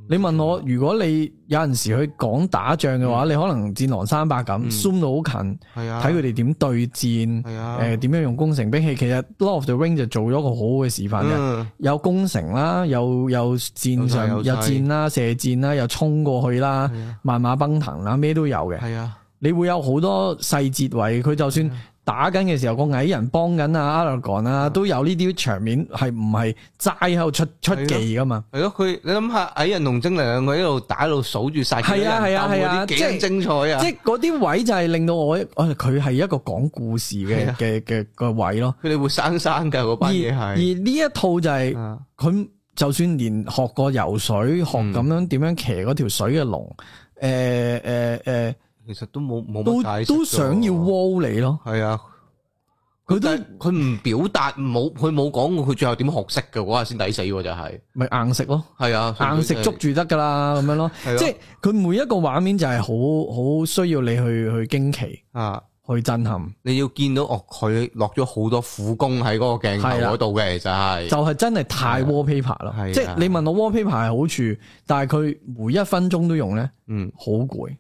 你問我，如果你有陣時去講打仗嘅話，嗯、你可能戰狼三百咁 zoom 到好近，睇佢哋點對戰，誒點、啊呃、樣用攻城兵器，其實《Lord of the Ring》就做咗個好嘅示範嘅，嗯、有攻城啦，有又戰上又踩有踩有戰啦，射箭啦，又衝過去啦，萬馬奔騰啦，咩都有嘅。係啊，你會有好多細節位，佢就算、啊。打緊嘅時候，個矮人幫緊啊阿拉貢啊，都有呢啲場面，係唔係齋喺度出出技噶嘛？係咯，佢你諗下，矮人同精靈佢喺度打，一路數住晒敵人，打啊。即係幾精彩啊！即係嗰啲位就係令到我，佢係一個講故事嘅嘅嘅個位咯。佢哋會生生噶嗰班嘢係。而呢一套就係、是、佢的就算連學過游水，學咁樣點樣騎嗰條水嘅龍，誒誒誒。呃呃呃呃其實都冇冇解都想要挖你咯。係啊，佢都佢唔表達，冇佢冇講過佢最後點學識嘅喎，先抵死就係。咪硬食咯，係啊，硬食捉住得噶啦，咁樣咯。即係佢每一個畫面就係好好需要你去去驚奇啊，去震撼。你要見到哦，佢落咗好多苦功喺嗰個鏡頭嗰度嘅，就係就係真係太 wallpaper 咯。即係你問我 wallpaper 好處，但係佢每一分鐘都用咧，嗯，好攰。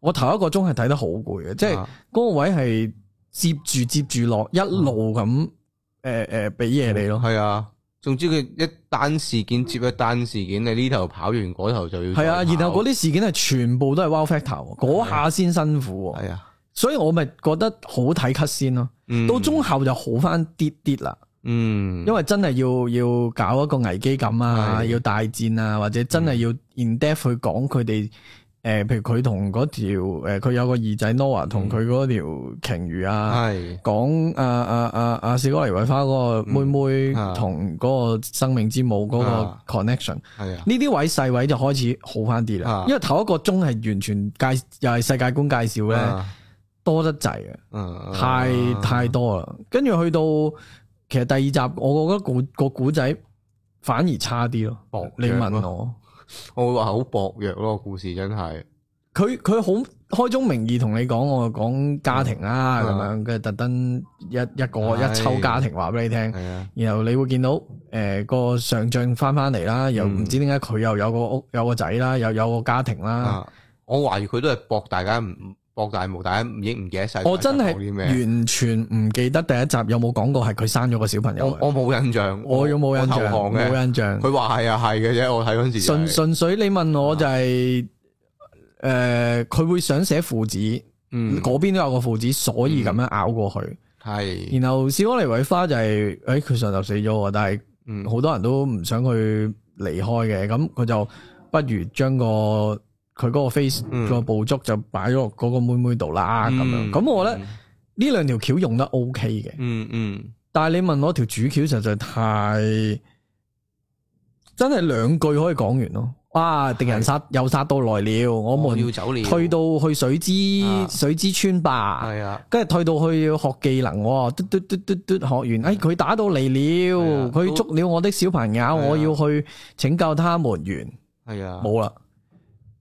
我頭一個鐘係睇得好攰嘅，啊、即係嗰個位係接住接住落，啊、一路咁誒誒俾嘢你咯。係、嗯、啊，總之佢一單事件接一單事件，你呢頭跑完嗰頭就要。係啊，然後嗰啲事件係全部都係 Wow Factor 嗰下先辛苦。係啊，啊所以我咪覺得好睇 cut 先咯。嗯、到中後就好翻啲啲啦。嗯，因為真係要要搞一個危機感啊，啊要大戰啊，或者真係要 in depth 去講佢哋。他們 誒、呃，譬如佢同嗰條誒，佢、呃、有個二仔 Noah 同佢嗰條鯨魚啊，講阿阿阿阿四哥黎偉花嗰個妹妹同嗰個生命之母嗰個 connection，呢啲、嗯嗯嗯嗯、位細位就開始好翻啲啦，嗯嗯嗯嗯、因為頭一個鐘係完全介又係世界觀介紹咧，嗯嗯嗯嗯、多得滯啊，太太多啦，跟住去到其實第二集，我覺得個個古仔反而差啲咯，嗯、你問我。我會話好薄弱咯，故事真係佢佢好開宗明義同你講，我講家庭啦，咁、嗯啊、樣跟住特登一一,一個是一抽家庭話俾你聽，啊、然後你會見到誒、呃、個上將翻翻嚟啦，又唔知點解佢又有個屋有個仔啦，又有個家庭啦、嗯啊，我懷疑佢都係博大家唔。各大無大已經，唔影唔記得晒。我真係完全唔記得第一集有冇講過係佢生咗個小朋友。我冇印象，我有冇印象？冇印象。佢話係啊，係嘅啫，我睇嗰陣時、就是。純純粹，純純你問我就係、是、誒，佢、啊呃、會想寫父子，嗯，嗰邊都有個父子，所以咁樣咬過去，係、嗯。然後小我黎偉花就係、是，誒、哎，佢上集死咗，但係，嗯，好多人都唔想去離開嘅，咁佢、嗯、就不如將個。佢嗰個 face 個捕捉就擺咗落個妹妹度啦，咁樣咁我覺得呢兩條橋用得 OK 嘅，嗯嗯，但係你問我條主橋實在太真係兩句可以講完咯，哇！敵人殺又殺到來了，我們要走，退到去水之水之村吧，係啊，跟住退到去要學技能，嘟嘟嘟嘟嘟學完，哎，佢打到嚟了，佢捉了我的小朋友，我要去拯救他們完，係啊，冇啦。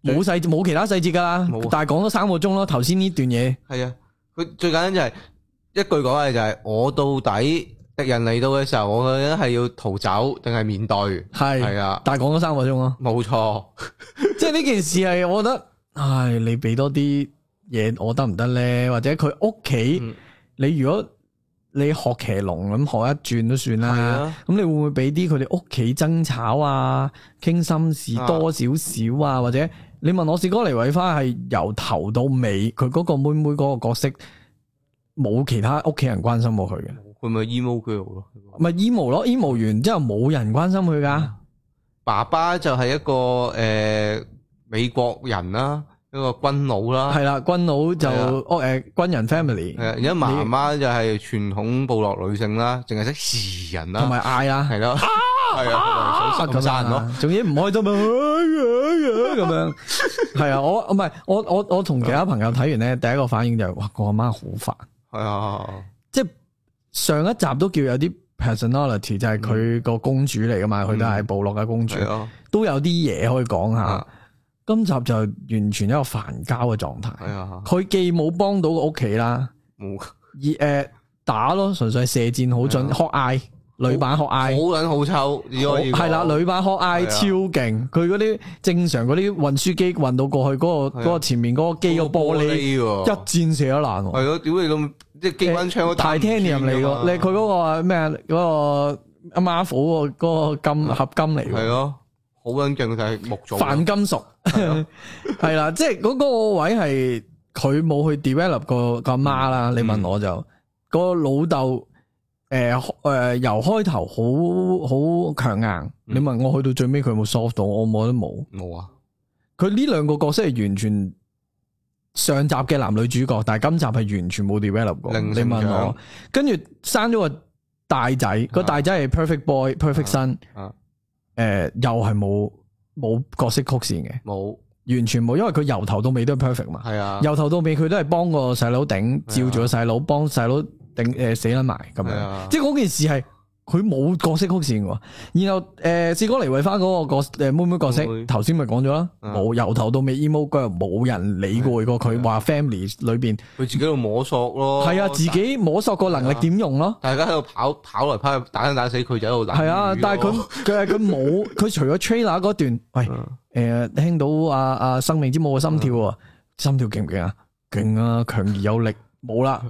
冇細冇其他細節噶啦，有但係講咗三個鐘咯。頭先呢段嘢係啊，佢最緊要就係、是、一句講嘅就係、是，我到底敵人嚟到嘅時候，我係要逃走定係面對？係係啊，的但係講咗三個鐘咯，冇錯錯。即係呢件事係，我覺得係你俾多啲嘢，我得唔得咧？或者佢屋企，嗯、你如果你學騎龍咁學一轉都算啦。咁的你會唔會俾啲佢哋屋企爭吵啊、傾心事多少少啊，啊或者？你問我視歌黎偉花係，由頭到尾佢嗰個妹妹嗰個角色冇其他屋企人關心過佢嘅，會唔會 emo 佢咯，唔係 emo 咯，emo 完之後冇人關心佢噶、嗯。爸爸就係一個誒、呃、美國人啦，一個軍佬啦，係啦，軍佬就哦誒的、呃、軍人 family，而家媽媽就係傳統部落女性啦，淨係識時人啦，同埋嗌啦，係咯、啊。 係、喔、啊，失咗身咯，仲要唔開心嘛？咁樣係啊，我唔係我我我同其他朋友睇完咧，第一個反應就係、哇，個阿媽好煩。係啊，即係上一集都叫有啲 personality，就係佢個公主嚟噶嘛，佢都係部落嘅公主咯，都是、啊、 有啲嘢可以講下。啊、今集就完全一個煩交嘅狀態。係啊，佢既冇幫到個屋企啦，而誒無打咯，純粹射箭好準，學嗌、啊。女版柯艾好撚好抽，係啦，女版柯艾超勁，佢嗰啲正常嗰啲運輸機運到過去嗰個個前面嗰個機個玻璃一箭射咗爛，係咯，屌你咁即係機關槍都打唔到 Titanium 嚟個，你佢嗰個咩？嗰個阿馬虎個嗰個金合金嚟，係咯，好撚勁，佢係木造，反金屬係啦，即係嗰個位係佢冇去 develop 個個阿媽啦，你問我就個老豆。誒誒，由開頭好好強硬，你問我去到最尾佢有冇 soft 到？我冇，覺得冇，冇啊！佢呢兩個角色係完全上集嘅男女主角，但係今集係完全冇 develop 過。你問我，跟住生咗個大仔，個大仔係 perfect boy，perfect son。誒，又係冇冇角色曲綫嘅，冇，完全冇，因為佢由頭到尾都係 perfect 嘛。係啊，由頭到尾佢都係幫個細佬頂，照住個細佬幫細佬。定誒死撚埋咁樣，即係嗰件事係佢冇角色曲線喎。然後誒，四哥嚟慧花嗰個角，誒妹妹角色，頭先咪講咗啦，冇由頭到尾 emoji 冇人理會過佢，話 family 裏邊，佢自己喺度摸索咯。係啊，自己摸索個能力點用咯。大家喺度跑跑嚟跑去，打生打死佢就喺度打。係啊，但係佢佢係佢冇佢除咗 trainer 嗰段，喂誒，聽到阿阿生命之母嘅心跳啊，心跳勁唔勁啊？勁啊，強而有力。冇啦，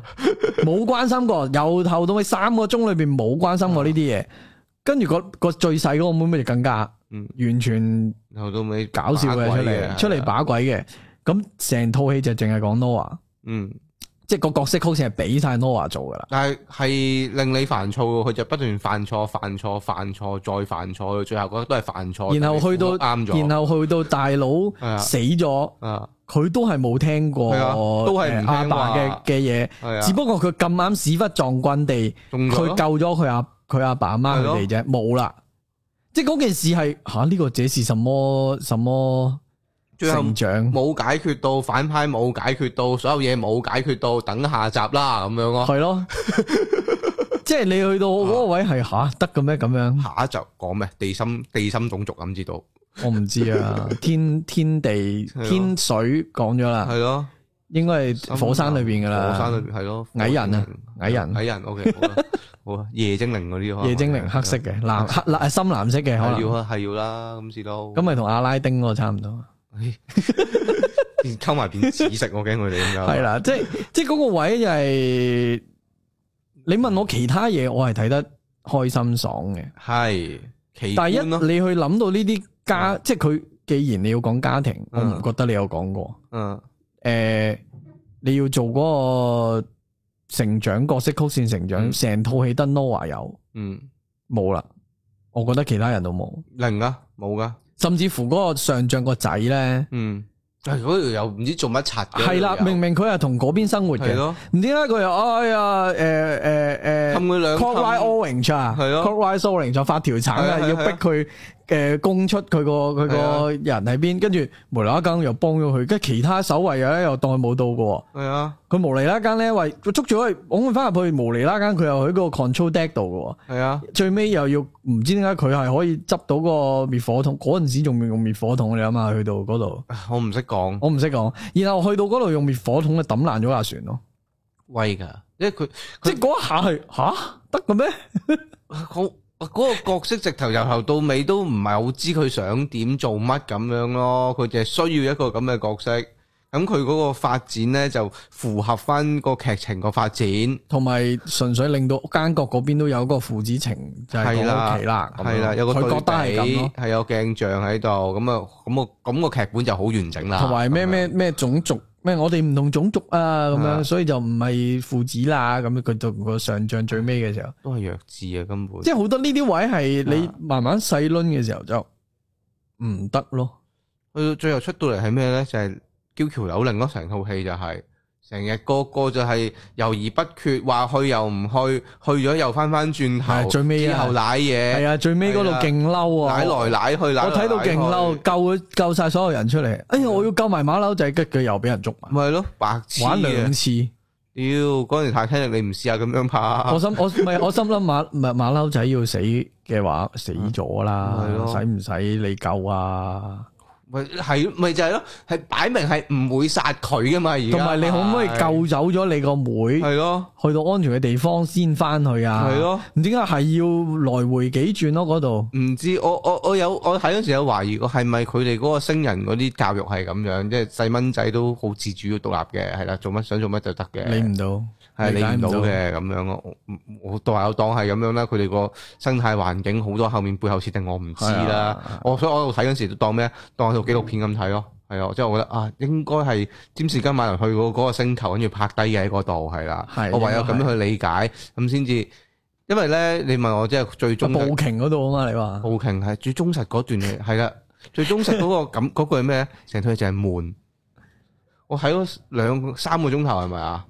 冇關心過，由 頭到尾三個鐘裏邊冇關心過呢啲嘢，跟住、嗯、個最細嗰個妹妹就更加，嗯，完全頭到尾搞笑嘅出嚟，出嚟把鬼嘅，咁成套戲就淨係講諾亞，嗯，即係個角色好似係俾晒諾亞做噶啦，但係係令你煩躁，佢就不斷犯錯、犯錯、犯錯、再犯錯，最後覺得都係犯錯，然後去到啱咗，然後去到大佬死咗， 啊，啊。啊啊佢都係冇聽過，都係阿爸嘅嘅嘢。只不過佢咁啱屎忽撞棍地，佢救咗佢阿佢阿爸阿媽佢哋啫，冇啦。即係嗰件事係吓，呢個這是什麼什麼成長？冇解決到反派，冇解決到所有嘢，冇解決到，等下集啦咁樣咯。係咯，即係你去到嗰個位係吓得嘅咩？咁樣下一集講咩？地心地心種族咁知道。我唔知啊！天天地天水講咗啦，係咯，應該係火山裏邊噶啦，火山裏邊係咯，矮人啊，矮人，矮人，OK，好啦，好啦，夜精靈嗰啲啊，夜精靈，黑色嘅，藍黑，誒，深藍色嘅，可能要啊，係要啦，咁至咯，咁咪同阿拉丁嗰個差唔多，溝埋片紫色，我驚佢哋係啦，即係即係嗰個位就係你問我其他嘢，我係睇得開心爽嘅，係，但係一你去諗到呢啲。家即係佢，既然你要講家庭，我唔覺得你有講過。嗯，誒，你要做嗰個成長角色曲線成長，成套戲得 Nova 有，嗯，冇啦，我覺得其他人都冇零啊，冇噶，甚至乎嗰個上將個仔咧，嗯，嗰條又唔知做乜柒，係啦，明明佢係同嗰邊生活嘅，唔知點解佢又哎呀，誒誒誒，冚佢兩，Clockwork Orange 啊，係咯，Clockwork Orange 就發條橙啊，要逼佢。誒、呃，供出佢個佢個人喺邊，跟住無厘啦更又幫咗佢，跟住其他守衛又咧又當佢冇到過。係啊，佢無厘啦更咧話捉住佢，捧佢翻入去，無厘啦更佢又喺個 control deck 度嘅。係啊，最尾又要唔知點解佢係可以執到個滅火筒，嗰陣時仲未用滅火筒，你諗下去到嗰度。我唔識講，我唔識講。然後去到嗰度用滅火筒，就抌爛咗架船咯。喂噶，因為佢即係嗰一下係嚇得嘅咩？好。 嗰個角色直頭由頭到尾都唔係好知佢想點做乜咁樣咯，佢就係需要一個咁嘅角色，咁佢嗰個發展咧就符合翻個劇情個發展，同埋純粹令到奸角嗰邊都有一個父子情就喺屋企啦，係啦，咁樣，有個對底，係有鏡像喺度，咁啊，咁啊咁個劇本就好完整啦，同埋咩咩咩種族。咩？我哋唔同種族啊，咁樣，啊、所以就唔係父子啦。咁佢到個上漲最尾嘅時候，都係弱智啊！根本，即係好多呢啲位係你慢慢細輪嘅時候就唔得咯。去到、啊、最後出到嚟係咩咧？就係焦橋樓令咯，成套戲就係、是。成日個個就係猶豫不決，話去又唔去，去咗又翻翻轉頭，最尾之後賴嘢。係啊，最尾嗰度勁嬲啊，賴來賴去賴，我睇到勁嬲，救救晒所有人出嚟。哎呀我要救埋馬騮仔，跟佢又俾人捉埋。咪係咯白痴，玩兩次。屌嗰陣太聽日你唔試下咁樣拍，我心我唔係我心諗馬唔係馬騮仔要死嘅話死咗啦，使唔使你救啊？咪就係咯，係擺明係唔會殺佢噶嘛而，同埋你可唔可以救走咗你個妹妹？係咯，去到安全嘅地方先翻去啊！係咯，唔知點解係要來回幾轉咯啊？嗰度唔知我我我有我睇嗰陣時有懷疑，我係咪佢哋嗰個星人嗰啲教育係咁樣，即係細蚊仔都好自主要獨立嘅，係啦，做乜想做乜就得嘅，理唔到。係理解唔到嘅咁樣咯，我我都係有當係咁樣啦。佢哋個生態環境好多後面背後設定我唔知啦。我，、啊啊、我所以，我喺度睇嗰時當咩？當套紀錄片咁睇咯。係啊，即、就、係、是、我覺得啊，應該係占士金馬倫人去嗰、嗰個星球，跟住拍低嘅喺嗰度係啦。啊啊、我唯有咁樣去理解，咁先至。因為咧，你問我即係最終暴瓊嗰度啊嘛？你話暴瓊係最忠實嗰段嘅，係啦， 最忠實嗰、那個感嗰句咩？成套嘢就係悶。我睇咗兩三個鐘頭，係咪啊？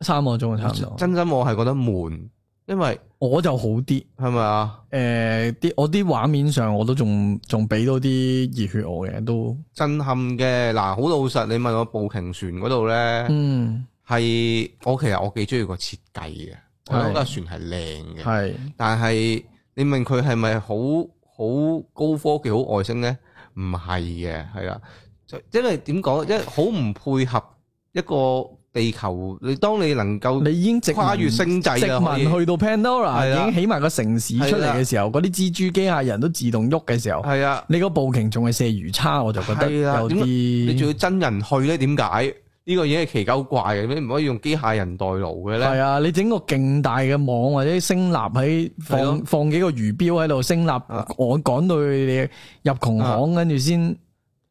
三個鐘啊，差唔多。真，真心我係覺得悶，因為我就好啲，係咪啊？誒、呃，啲我啲畫面上，我都仲仲俾多啲熱血我嘅，都震撼嘅。嗱，好老實，你問我捕鯨船嗰度咧，嗯，係我其實我幾中意個設計嘅，是我覺得船係靚嘅，係是。但係你問佢係咪好好高科技好外星咧？唔係嘅，係啊、就是，因為點講？因為好唔配合一個。地球，你當你能夠，你已經直跨越星際殖民去到 Pandora 已經起埋個城市出嚟嘅時候，嗰啲蜘蛛機械人都自動喐嘅時候，係啊，你個步兵仲係射魚叉，我就覺得有啲，你仲要真人去咧？點解呢個嘢係奇鳩怪嘅？你唔可以用機械人代勞嘅咧？係啊，你整個勁大嘅網或者升立喺放放幾個魚標喺度升立，我趕到你入窮巷，跟住先。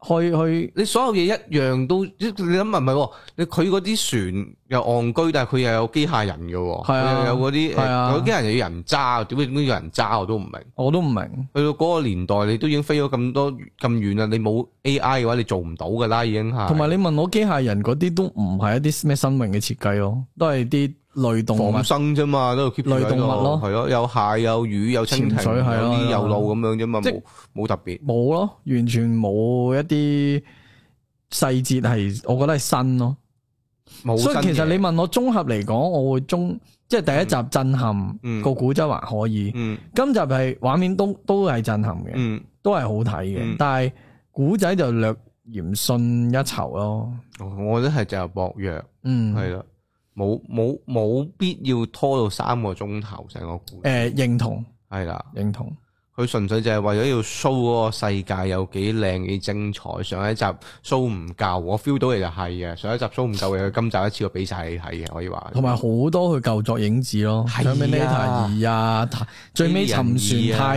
去去，去你所有嘢一樣都，你諗唔係喎？你佢嗰啲船又戇居，但係佢又有機械人嘅喎、哦，啊、有嗰啲，啊、機械人有啲人又要人揸，點解點解要人揸？我都唔明。我都唔明。去到嗰個年代，你都已經飛咗咁多咁遠啦，你冇 A I 嘅話，你做唔到嘅啦已經係。同埋你問我機械人嗰啲都唔係一啲咩生命嘅設計咯，都係啲。類動物生啫嘛，都喺度 keep 住喺度，係咯，有蟹、有魚、有清水、有啲游路咁樣啫嘛，即冇特別，冇咯，完全冇一啲細節係我覺得係新咯。所以其實你問我綜合嚟講，我會綜，即係第一集震撼個古仔還可以，今集係畫面都都係震撼嘅，都係好睇嘅，但係古仔就略嫌遜一籌咯。我覺得係就係薄弱，嗯，係啦。冇冇冇必要拖到三個鐘頭成個故事。誒，認同。係啦，認同。佢的同純粹就係為咗要 show 嗰個世界有幾靚幾精彩。上一集 show 唔夠，我 feel 到嘅就係、是、嘅。上一集 show 唔夠嘅，佢今集一次過俾曬你睇嘅，可以話。同埋好多佢舊作影子咯，啊、上面 Nate 二啊，最尾沉船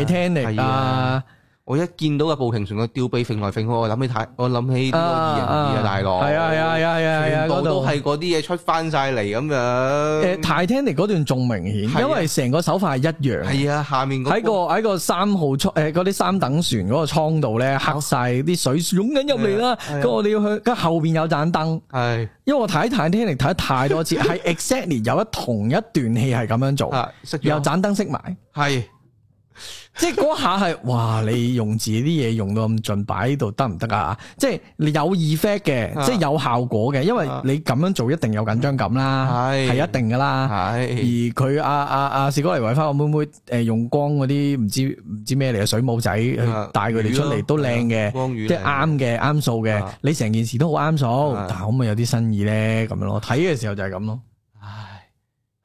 Titanic。啊。我一見到個捕鯨船個吊臂揈來揈去，我諗起泰，我諗起啲二零二啊大佬，係啊係啊係啊，全部都係嗰啲嘢出翻晒嚟咁樣。誒，泰坦尼克嗰段仲明顯，因為成個手法係一樣。係啊，下面喺個喺個三號倉，誒，嗰啲三等船嗰個倉度咧黑晒，啲水湧緊入嚟啦。咁我哋要去，咁後邊有盞燈。係，因為我睇泰坦尼克睇太多次，係 exactly 有一同一段戲係咁樣做，有盞燈熄埋。係。即係嗰下係，哇！你用自己啲嘢，用到咁盡，擺喺度得唔得啊？即係你有 effect 嘅，即係有效果嘅，因為你咁樣做一定有緊張感啦，係係一定噶啦，係。而佢阿阿阿士哥嚟，餵返我妹妹，誒，用光嗰啲唔知唔知咩嚟嘅水母仔，帶佢哋出嚟都靚嘅，即係啱嘅，啱數嘅。你成件事都好啱數，但係可唔可以有啲新意咧？咁樣咯，睇嘅時候就係咁咯。唉，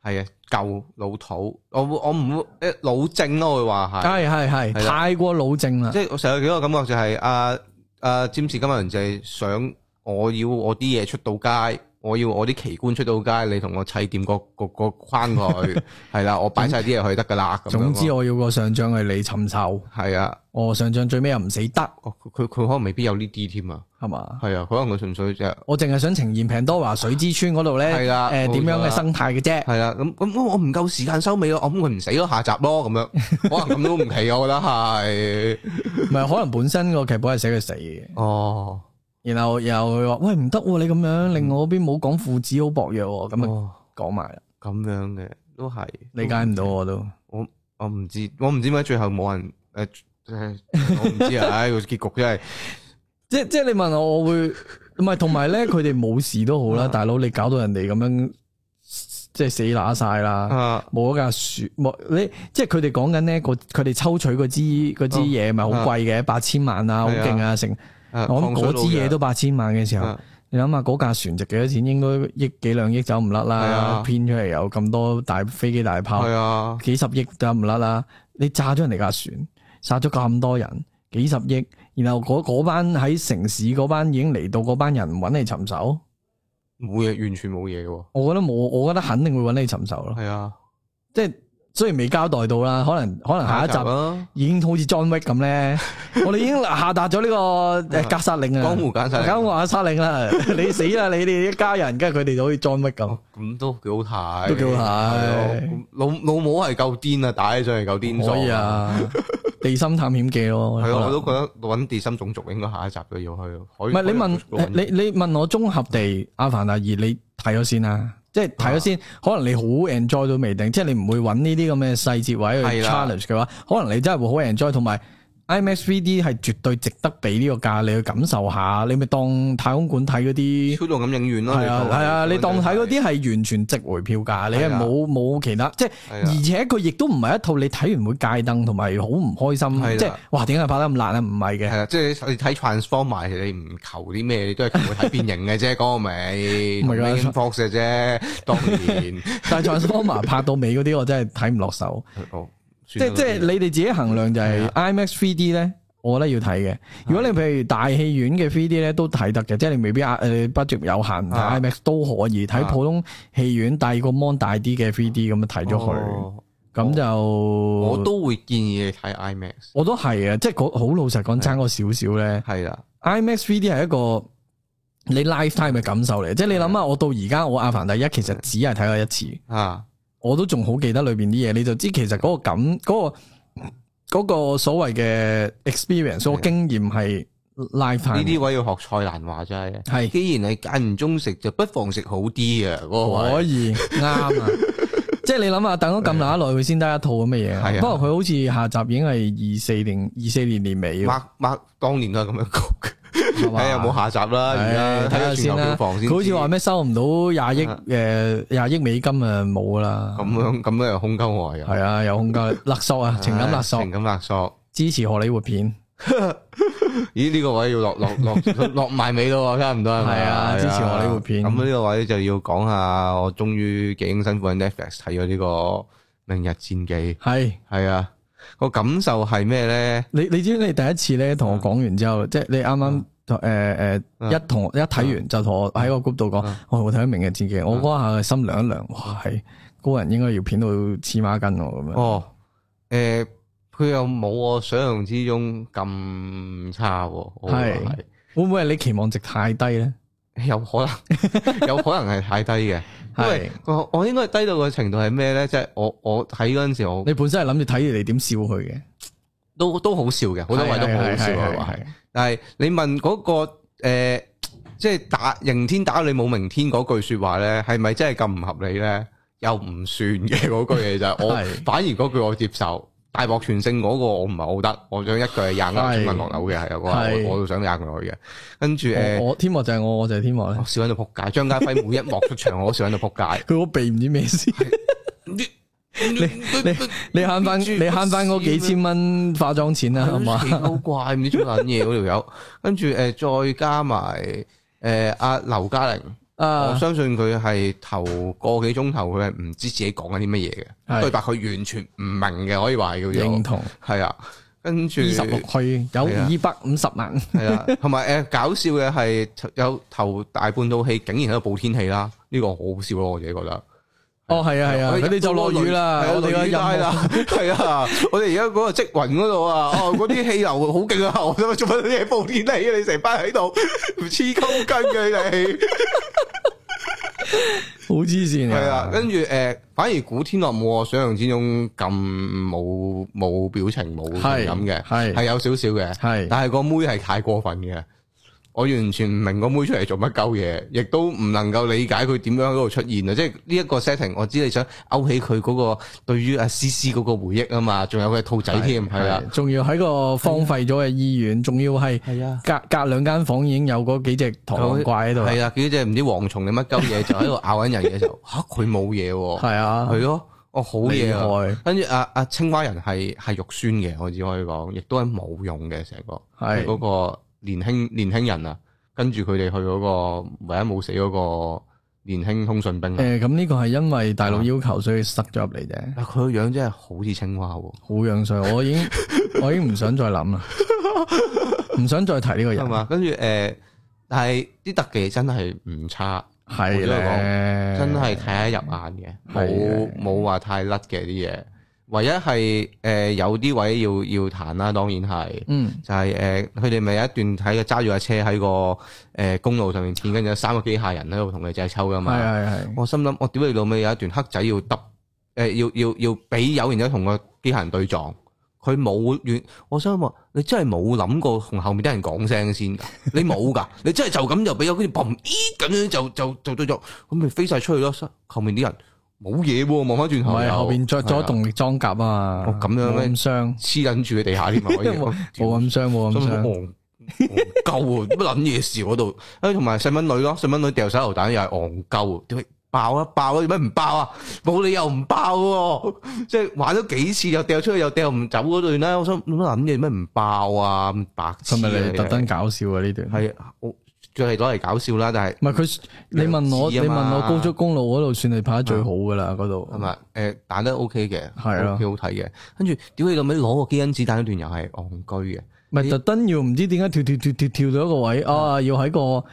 係啊。舊老土，我我唔老正咯、啊，佢話係，係係係太過老正啦，即係我成日有幾個感覺就係、是，阿阿詹士今日就係想我要我啲嘢出到街。我要我啲奇觀出到街，你同我砌掂個個個框佢，係啦， 我擺晒啲嘢去得噶啦。總之我要個上將係你尋仇，係啊的，我上將最尾又唔死得，佢佢、哦、可能未必有呢啲添啊，係嘛的？係啊，可能佢純粹就是、我淨係想呈現平多華水之村嗰度咧，係啦，誒點樣嘅生態嘅啫。係啦，咁咁我我唔夠時間收尾咯，咁佢唔死咯，下集咯咁樣，可能咁都唔奇，我覺得係，唔係 可能本身個劇本係寫佢死嘅。死 哦。然後又話，喂唔得、啊、你咁樣，令我嗰邊冇講父子好薄弱，咁啊講埋啦，咁、哦、樣嘅都係理解唔到我都也，我我唔知，我唔知點解最後冇人誒誒、呃呃，我唔知啊， 唉、這個結局真係，即即係你問我我會，唔係同埋咧佢哋冇事都好啦， 大佬你搞到人哋咁樣即係死乸晒啦，冇一架樹，冇你即係佢哋講緊咧佢哋抽取嗰支嗰支嘢咪好貴嘅八千萬啊，好勁啊成。我諗嗰支嘢，都八千萬嘅時候，你諗下嗰架船值幾多錢？應該億幾兩億走唔甩啦，係啊，編出嚟，有咁多大飛機大炮，係啊，幾十億都唔甩啦。你炸咗人哋架船，殺咗咁多人，幾十億，然後嗰班喺城市嗰班已經嚟到嗰班人唔揾你尋仇，冇嘢，完全冇嘢嘅。我覺得冇，我覺得肯定會揾你尋仇咯。係啊的，即係。雖然未交代到啦，可能可能下一集已經好似 John Wick 咁咧，我哋已經下達咗呢個誒格殺令啊，江湖格殺令，江湖話格殺令啦，你死啦，你哋一家人，跟住佢哋就好似 John Wick 咁，咁都幾好睇，都幾好睇，老老母係夠癲啊，打起上嚟係夠癲，所以啊，地心探險記咯，係啊，我都覺得搵地心種族應該下一集都要去，唔係你問你你問我綜合地阿凡達二你睇咗先啦。即係睇咗先，可能你好 enjoy 都未定，吧即係你唔會揾呢啲咁嘅細節位去 challenge 嘅話，是的 可能你真係會好 enjoy，同埋。IMAX 3D 係絕對值得俾呢個價，你去感受下。你咪當太空館睇嗰啲超度咁影院咯。係啊，係啊，你當睇嗰啲係完全值回票價，你係冇冇其他，即係而且佢亦都唔係一套你睇完會戒燈同埋好唔開心。即係哇，點解拍得咁爛啊？唔係嘅，係啦，即係你睇 Transform 埋，你唔求啲咩，你都係求睇變形嘅啫。嗰個尾 Transform 嘅啫，當然。但係 Transformer 拍到尾嗰啲，我真係睇唔落手。即係即係，你哋自己衡量就係 IMAX 3D 咧，我覺得要睇嘅。的如果你譬如大戲院嘅 3D 咧都睇得嘅，的即係你未必阿誒 budget 有限，但 IMAX 的都可以睇。普通戲院大個 mon 大啲嘅 3D 咁樣睇咗佢，咁、哦、就、哦、我都會建議你睇 IMAX。我都係啊，即係好老實講差咗少少咧。係啦的，IMAX 3D 係一個你 lifetime 嘅感受嚟，即係的你諗下，我到而家我阿凡達一其實只係睇過一次啊。的我都仲好記得裡邊啲嘢，你就知其實嗰個感，嗰個嗰個所謂嘅 experience，嗰的經驗係 lifetime 呢啲位要學蔡瀾話真係。的既然你間唔中食，就不妨食好啲嘅。嗰個可以啱 啊！即係你諗下，等咁耐，來佢先得一套咁嘅嘢。係啊的，不過佢好似下集已經係二四年二四年年尾。孖孖當年都係咁樣講睇下有冇下集啦，睇下全球票房先。佢好似話咩收唔到廿億誒，廿億美金啊，冇啦。咁樣咁樣有空間喎，係啊，有空間勒索啊，情感勒索，情感勒索支持荷里活片。咦呢個位要落落落落埋尾咯，差唔多係咪啊，支持荷里活片。咁呢個位就要講下我終於幾經辛苦喺 Netflix 睇咗呢個明日戰記。係係啊，個感受係咩咧？你你知你第一次咧同我講完之後，即係你啱啱。誒誒、呃呃、一同一睇完就同我喺個 group 度講，我冇睇得明嘅自己。我嗰下心涼一涼，哇係高人應該要片到黐孖筋，喎咁樣。哦，誒、呃、佢又冇我想象之中咁差。係會唔會係你期望值太低咧？有可能，有可能係太低嘅。因為我 我應該低到嘅程度係咩咧？即、就、係、是、我我喺嗰陣時我你本身係諗住睇住你點笑佢嘅，都都好笑嘅，好多位都好好笑係。的但係你問嗰、那個誒、呃，即係打迎天打你冇明天嗰句說話咧，係咪真係咁唔合理咧？又唔算嘅嗰句嘢就係我， 是反而嗰句我接受。大獲全勝嗰個我唔係好得，我想一句廿蚊請問落樓嘅係，我我都想廿個嘅。跟住誒是，我天幕就係我，我就係天幕咧。我笑喺度撲街，張家輝每一幕出場 我都笑喺度撲街。佢個 鼻唔知咩事。你你你慳翻你慳翻嗰幾千蚊化妝錢啊？係嘛吧？好怪，唔知做乜嘢嗰條友。跟住誒，再加埋誒阿劉嘉玲，啊、我相信佢係頭個幾鐘頭，佢係唔知自己講緊啲乜嘢嘅。是對白佢完全唔明嘅，可以話係叫做認同。係啊，跟住十六區有二百五十萬。係啊，同埋誒搞笑嘅係有頭大半套戲，竟然喺度報天氣啦，呢、這個好好笑咯，啊，我自己覺得。哦，係啊，係啊，佢哋就落雨啦，我哋個陰啦，係啊，我哋而家嗰個積雲嗰度啊，哦，嗰啲氣流好勁啊，我做乜做啲嘢暴天氣啊，你成班喺度黐鳩筋嘅哋，好黐線啊，係啊，跟住誒，反而古天樂冇我想象之中咁冇冇表情冇咁嘅，係有少少嘅，係，但係個妹係太過分嘅。我完全唔明個妹，妹出嚟做乜鳩嘢，亦都唔能夠理解佢點樣喺度出現啊！即係呢一個 setting，我知你想勾起佢嗰個對於阿 C C 嗰個回憶啊嘛，仲有佢兔仔添是，係啦，仲要喺個荒廢咗嘅醫院，仲要係，係啊，隔隔兩間房間已經有嗰幾隻台怪喺度，係啊，幾隻唔知蝗蟲定乜鳩嘢就喺度咬緊人嘅時候，吓佢冇嘢，係啊，係咯、啊啊，哦好嘢、啊，跟住阿阿青蛙人係係肉酸嘅，我只可以講，亦都係冇用嘅成、就是那個，係嗰個。年輕年輕人啊，跟住佢哋去嗰個唯一冇死嗰個年輕通訊兵。誒、欸，咁呢個係因為大陸要求、啊、所以塞咗入嚟啫。佢個樣真係好似青蛙，好樣衰。我已經 我已經唔想再諗啦，唔 想再提呢個人。係嘛，跟住誒，但係啲特技真係唔差，換句話講，真係睇下入眼嘅，冇冇話太甩嘅啲嘢。沒唯一係誒有啲位要要彈啦，當然係，嗯，就係誒佢哋咪有一段喺個揸住架車喺個誒公路上面，見緊有三個機械人喺度同佢仔抽噶嘛，係係係。我心諗我屌你老味，有一段黑仔要揼誒要要要俾有然咗同個機械人對撞，佢冇遠，我想話你真係冇諗過同後面啲人講聲先㗎，你冇㗎，你真係就咁就俾咗跟住嘭咦咁樣就就就對咗，咁咪飛晒出去咯，後面啲人。冇嘢喎，望翻轉頭，唔係後邊着咗動力裝甲啊！哦，咁樣咧，傷黐緊住佢地下添，冇咁傷，冇咁傷，戇鳩乜諗嘢事嗰度？誒， 同埋細蚊女咯，細蚊女掉手榴彈又係戇鳩，點解爆，爆，爆啊？爆啊？點解唔爆啊？冇理由唔爆，即係玩咗幾次又掉出去又掉唔走嗰段咧？我想諗嘢，咩唔爆啊？白痴！係咪你特登搞笑 啊？呢段係。最係攞嚟搞笑啦，但係唔係佢，你問我，你問我高速公路嗰度算係拍得最好噶啦，嗰度係咪？誒、呃，打得 OK 嘅，係啊，幾好睇嘅。跟住屌你咁樣攞個基因子彈一段又係戇居嘅，唔係不你特登要唔知點解跳跳跳跳跳到一個位的啊，要喺個。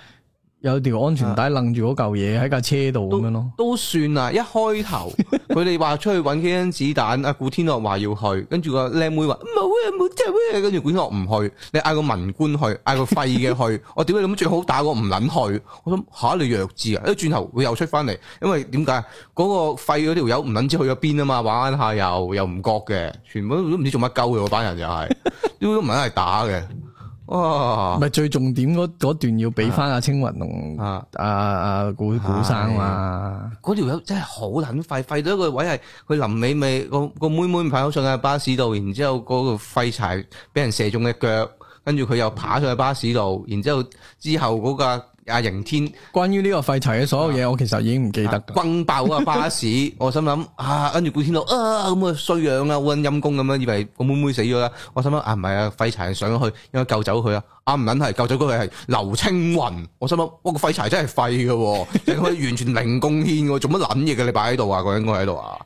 有條安全帶楞住嗰嚿嘢喺架車度咁樣咯，都算啦。一開頭佢哋話出去搵啲子彈，阿古天樂話要去，跟住個靚妹話唔係，唔係真係，跟住古天樂唔去，你嗌個文官去，嗌個廢嘅去，我點解你咁最好打我唔捻去？我諗下你弱智啊！一轉頭佢又出翻嚟，因為點解嗰個廢嗰條友唔捻知去咗邊啊嘛，玩下又又唔覺嘅，全部都唔知做乜鳩嘅班人又係， 都唔捻係打嘅。哦，唔係哇最重點嗰段要俾翻阿青雲龍啊啊古古啊古古生嘛，嗰條友真係好撚廢，廢到一個位係，佢臨尾尾個個妹妹爬上架巴士度，然之後嗰個廢柴俾人射中一腳，跟住佢又爬上去巴士度，然之後之後嗰、嗰個。阿刑天，關於呢個廢柴嘅所有嘢，我其實已經唔記得噶。崩、啊、爆個巴士， 我心諗啊，跟住古天樂啊咁啊衰樣啊，揾陰公咁樣，以為個妹妹死咗啦。我心諗啊，唔係啊，廢柴上咗去，因為救走佢啊？啱唔捻係救走佢係劉青雲。我心諗，我個廢柴真係廢噶，可、啊、以 完全零貢獻噶，做乜捻嘢嘅你擺喺度啊？個陰公喺度啊？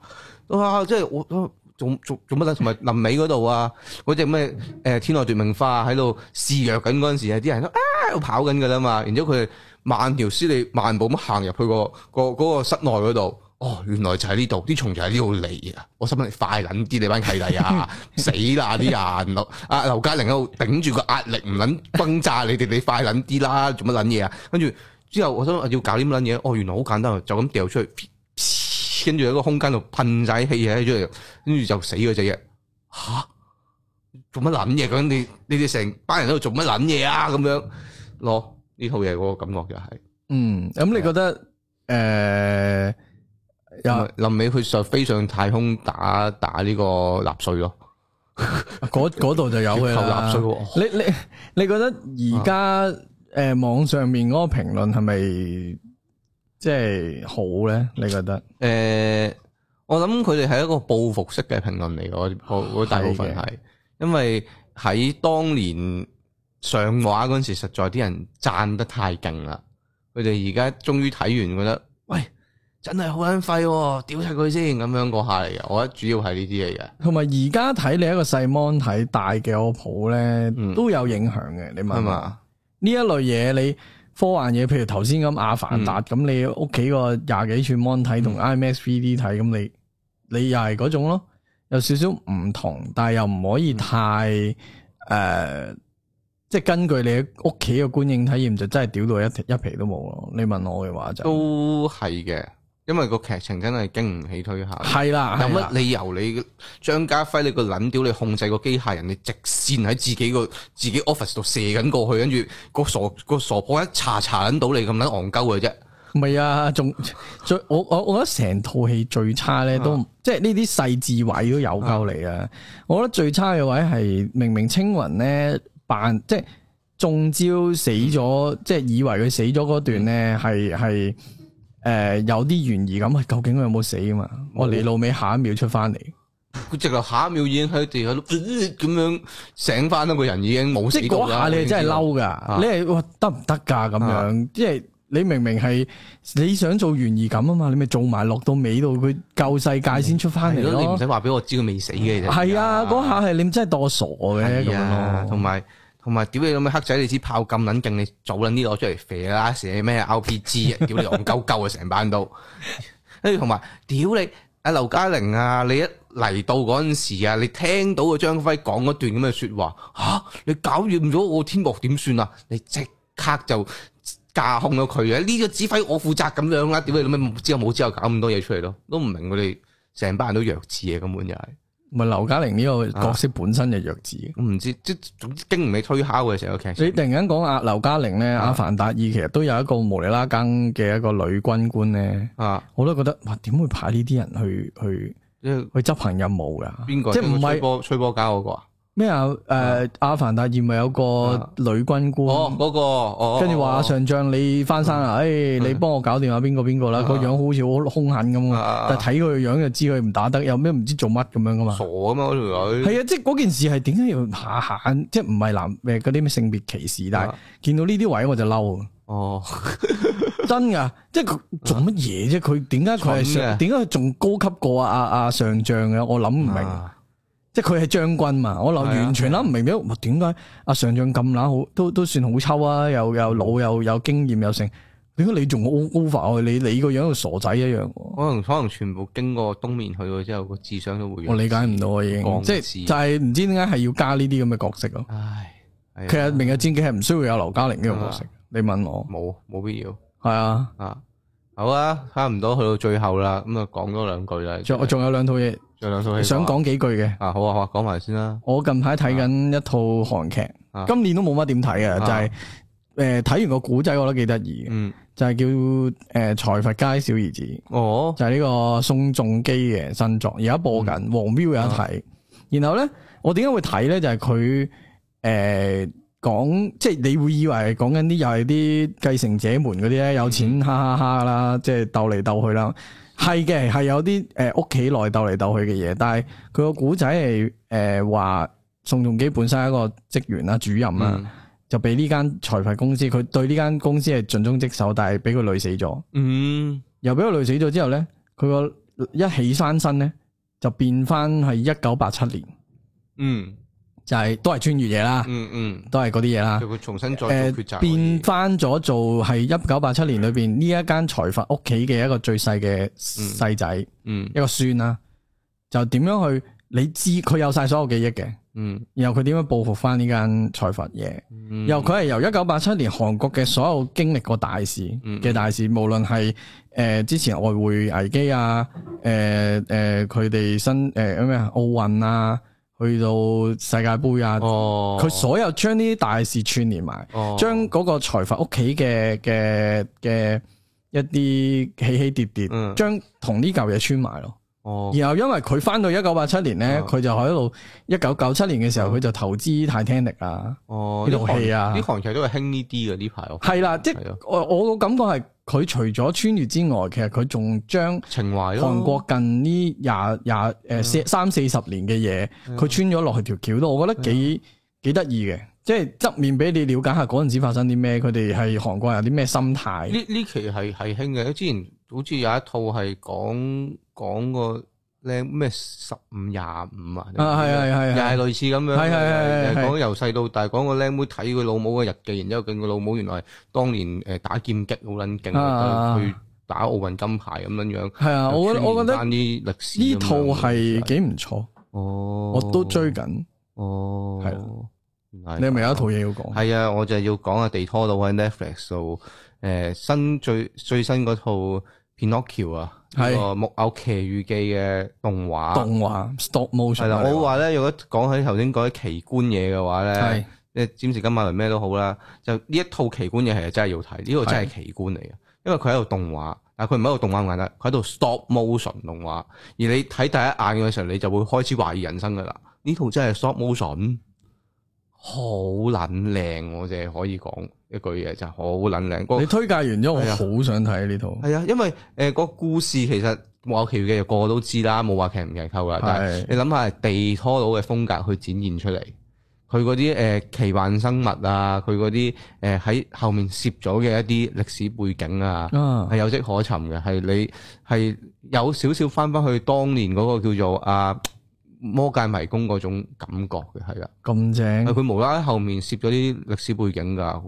啊，即係我。啊做做做乜咧？同埋臨尾嗰度啊，嗰隻咩誒天外奪命花喺度肆虐緊嗰陣時，啲人都啊都跑緊噶啦嘛。然之後佢慢條斯理慢步咁行入去、嗰個、嗰個嗰室內嗰度，哦，原來就喺呢度，啲蟲就喺呢度嚟啊！我想問你快撚啲，你班契弟啊，死啦啲人咯！阿 劉嘉玲喺度頂住個壓力，唔撚轟炸你哋，你快撚啲啦，做乜撚嘢啊？跟住之後，我想我要搞啲乜撚嘢？哦，原來好簡單啊，就咁掉出去。跟住喺個空間度噴晒氣喺出嚟，跟住就死嗰隻嘢。吓，做乜諗嘢？咁你你哋成班人喺度做乜諗嘢啊？咁樣咯，呢套嘢嗰個感覺就係、是嗯，嗯。咁你覺得，誒、啊，呃、臨臨尾去上飛上太空打打呢個納粹咯？嗰度就有嘅啦。你你你覺得而家誒網上面嗰個評論係咪？即係好咧？你覺得？誒、呃，我諗佢哋係一個報復式嘅評論嚟嘅。部、那個、大部分係，的因為喺當年上畫嗰陣時，實在啲人讚得太勁啦。佢哋而家終於睇完，覺得喂，真係好撚廢，屌柒佢先咁樣、那個下嚟嘅。我覺得主要係呢啲嘢嘅。同埋而家睇你一個細蒙睇大嘅我抱咧，都有影響嘅。嗯、你明嘛？呢嗎一類嘢你。科幻嘢，譬如頭先咁《阿凡達》嗯，咁你屋企個廿幾寸 mon 睇同 IMAX 3D 睇，咁、嗯、你你又係嗰種咯，有少少唔同，但係又唔可以太誒、嗯呃，即係根據你屋企嘅觀影體驗就真係屌到一皮一皮都冇咯。你問我嘅話就都係嘅。因為個劇情真係經唔起推下係啦，有乜理由你張家輝你個撚屌你控制個機械人，你直線喺自己個自己 office 度射緊過去，跟住個傻個傻，傻婆一查查到你咁撚戇鳩嘅啫？唔係啊，仲最我我我覺得成套戲最差咧，都 即係呢啲細字位都有夠嚟啊！ 我覺得最差嘅位係明明青雲咧扮即係中招死咗，嗯、即係以為佢死咗嗰段咧係係。嗯誒、呃，有啲懸疑咁，究竟佢有冇死啊？嘛，我你老味下一秒出翻嚟，佢、嗯、直頭下一秒已經喺地下咁、呃呃、樣醒翻啦，個人已經冇。即係嗰下你係真係嬲噶，啊、你係哇得唔得噶？咁、啊、樣，啊、即係你明明係你想做懸疑咁啊嘛，你咪做埋落到尾度，佢救世界先出翻嚟咯。嗯、你唔使話俾我知佢未死嘅，係的啊，嗰下係你真係當我傻嘅同埋。同埋屌你咁嘅黑仔，你支炮咁捻勁，你早捻呢攞出嚟肥啦，射咩 RPG 啊！屌你憨鳩鳩啊，成班都，跟住同埋屌你阿劉嘉玲啊，你一嚟到嗰陣時啊，你聽到個張輝講嗰段咁嘅説話，嚇你搞掂咗我天幕點算啊？你即刻就架控咗佢啊！呢個指揮我負責咁樣啦，屌你咁嘅之後冇之後搞咁多嘢出嚟咯，都唔明佢哋成班人都弱智嘅根本就係。唔係劉嘉玲呢個角色本身就弱智嘅，唔、啊、知即係總之經唔起推敲嘅成個劇情。你突然間講阿劉嘉玲咧，阿、啊、凡達二其實都有一個無厘啦更嘅一個女軍官咧，啊，我都覺得哇，點會派呢啲人去去、啊、去執行任務噶？邊個誰即係唔係吹波吹波膠啩、那個？咩啊？誒，阿凡達二咪有個女軍官？哦，嗰個，跟住話阿上將你翻生啊！誒，你幫我搞掂下邊個邊個啦。個樣好似好兇狠咁啊！但係睇佢個樣就知佢唔打得，有咩唔知做乜咁樣噶嘛？傻啊嘛，嗰條女係啊！即係嗰件事係點解要下限？即係唔係男誒嗰啲咩性別歧視？但係見到呢啲位我就嬲啊！哦，真㗎！即係佢做乜嘢啫？佢點解佢係上點解佢仲高級過阿阿上將嘅？我諗唔明。即係佢係將軍嘛，啊、我諗完全諗唔明嘅。點解阿常將咁撚好都都算好抽啊？又又老又有經驗又剩，點解你仲 over 去？你你個樣傻仔一樣，啊，可能可能全部經過冬眠去咗之後，個智商都會我理解唔到已經。智即係就係、是、唔知點解係要加呢啲咁嘅角色咯、啊。唉，其實明日戰記係唔需要有劉嘉玲呢個角色。啊、你問我冇冇必要？係啊啊好啊，啊好差唔多去到最後啦。咁啊講多兩句啦。我仲實有兩套嘢。有兩想講幾句嘅，啊好啊，好啊我講埋先啦。我近排睇緊一套韓劇，啊、今年都冇乜點睇嘅，啊、就係誒睇完個古仔，我覺得幾得意嗯，就係叫誒財閥家小兒子，哦，就係呢個宋仲基嘅新作，而家播緊，嗯、黃標有睇。嗯、然後咧，我點解會睇咧？就係佢誒講，即、呃、係、就是、你會以為講緊啲又係啲繼承者們嗰啲咧，有錢哈哈哈啦，即係鬥嚟鬥去啦。係嘅，係有啲誒屋企內鬥嚟鬥去嘅嘢，但係佢個古仔係誒話宋仲基本身係一個職員啦、主任啦，嗯、就俾呢間財閥公司佢對呢間公司係盡忠職守，但係俾佢累死咗。嗯，又俾佢累死咗之後咧，佢個一起翻身咧就變翻係一九八七年。嗯。就係都係穿越嘢啦，嗯嗯，都係嗰啲嘢啦。佢重新再誒、呃、變翻咗做係一九八七年裏邊呢一間財閥屋企嘅一個最細嘅細仔，嗯，一個孫啦。就點樣去？你知佢有晒所有記憶嘅，嗯。然後佢點樣報復翻呢間財閥嘢？然後佢係由一九八七年韓國嘅所有經歷過大事嘅大事，無論係誒之前外匯危機啊，誒誒佢哋新誒咩啊奧運啊。呃去到世界杯啊！哦，佢所有將呢啲大事串連埋，哦、oh.，將嗰個財閥屋企嘅嘅嘅一啲起起跌跌，將、mm. 同呢舊嘢串埋咯。哦，然後因為佢翻到一九八七年咧，佢就喺度一九九七年嘅時候，佢就投資《泰聽力》啊，呢套戲啊，啲韓劇都係興呢啲嘅呢排，係啦，即係我我個感覺係佢除咗穿越之外，其實佢仲將情懷韓國近呢廿廿誒四三四十年嘅嘢，佢穿咗落去條橋，都我覺得幾幾得意嘅，即係側面俾你了解下嗰陣時發生啲咩，佢哋係韓國有啲咩心態。呢呢期係係興嘅，之前好似有一套係講。講個靚咩十五廿五啊！啊係係係，又係類似咁樣。係係係講由細到大，講個靚妹睇佢老母嘅日記，然之後佢個老母原來係當年誒打劍擊好撚勁，去打奧運金牌咁樣樣。係啊，我我我覺得呢套係幾唔錯。哦，我都追緊。哦，係。你係咪有一套嘢要講？係啊，我就係要講下地拖佬喺 Netflix 度誒新最最新嗰套。Pinocchio 啊，呢個木偶奇遇記嘅動畫，動畫 stop motion。係啦說，的我話咧，如果講起頭先嗰啲奇觀嘢嘅話咧，即係是占士金馬倫咩都好啦，就呢一套奇觀嘢其實真係要睇，呢、呢個真係奇觀嚟嘅，因為佢喺度動畫，但佢唔喺度動畫眼啦，佢喺度 stop motion 動畫，而你睇第一眼嘅時候，你就會開始懷疑人生噶啦，呢套真係 stop motion 好捻靚，我哋可以講。一句嘢就好撚靚，那個，你推介完咗，呀我好想睇呢套。係啊，因為誒、呃、那個故事其實冇奇遇嘅嘢，個，個個都知啦，冇話劇唔劇透啦。是但係你諗下，地拖佬嘅風格去展現出嚟，佢嗰啲誒奇幻生物啊，佢嗰啲誒喺後面攝咗嘅一啲歷史背景啊，係、啊、有迹可尋嘅，係你係有少少返返去當年嗰個叫做啊魔界迷宮嗰種感覺嘅，係啊，咁正。佢無啦啦後面攝咗啲歷史背景噶、啊。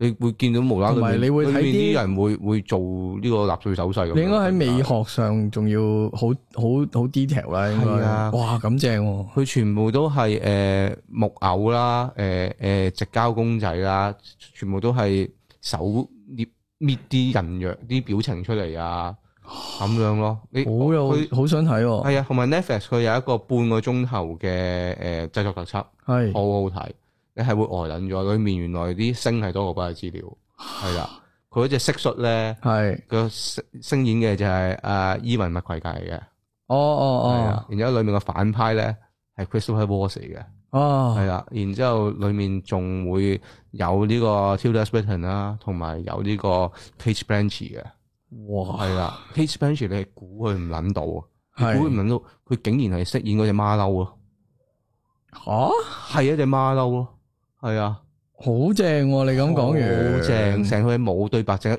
你會見到無啦啦，你會睇啲人會會做呢個納粹手勢。你應該喺美學上仲要好好好 detail 啦，應該。啊、哇，咁正、啊！佢全部都係誒、呃、木偶啦，誒、呃、誒、呃、直交公仔啦，全部都係手捏捏啲人樣啲表情出嚟啊，咁、哦、樣咯。你、欸、好有，好它想睇。係啊，同埋、啊、Netflix 佢有一個半個鐘頭嘅誒製作特輯，係是好好睇。你係會呆諗咗，裏面原來啲星係多過關嘅資料，係啦唉。佢嗰隻蟋蟀咧，係個聲演嘅就係誒伊雲麥奎界嚟嘅。哦哦哦，係啦、哦。然之後裏面個反派咧係 Christopher Walken 嚟嘅。Ain, y, 哦，係啦。是然之後裏面仲會有呢個 Tilda Swinton 啦，同埋有呢個 Kate Blanchett 嘅。哇，係啦。Kate Blanchett 你係估佢唔諗到啊？係估唔諗到，佢竟然係飾演嗰隻馬騮咯。吓，係一隻馬騮咯。係啊，好正！你咁講嘢，好正，成套嘢冇對白，淨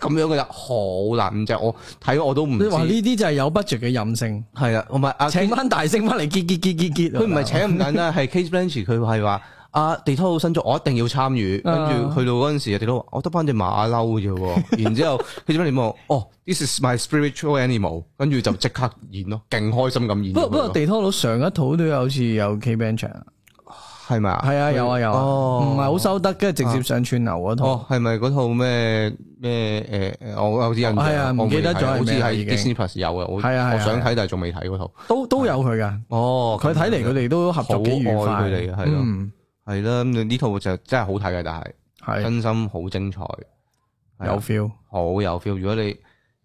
咁樣噶咋？好難唔正我睇我都唔。你話呢啲就係有 budget 嘅任性，係啊，唔係啊，請翻大聲翻嚟，揭揭揭揭揭。佢唔係請唔緊，係 Cate Blanchett，佢係話啊，地拖佬新作，我一定要參與。跟住去到嗰陣時，地拖佬話，我得翻隻馬騮啫。然之後佢點解你望？哦，This is my spiritual animal。跟住就即刻演咯，勁開心咁演。不不過地拖佬上一套都有好似有 Cate Blanchett。係咪啊？係啊，有啊，有哦，唔係好收得，跟住直接上串流嗰套。哦，係咪嗰套咩咩？誒我有啲印象，係啊，忘記得咗。好似係 Disney Plus 有嘅，我係啊我想睇但係仲未睇嗰套。都都有佢嘅。哦，佢睇嚟佢哋都合作幾愉快佢哋嘅。係咯。嗯，係啦。咁呢套就真係好睇嘅，但係係真心好精彩，有 feel，好有 feel。如果你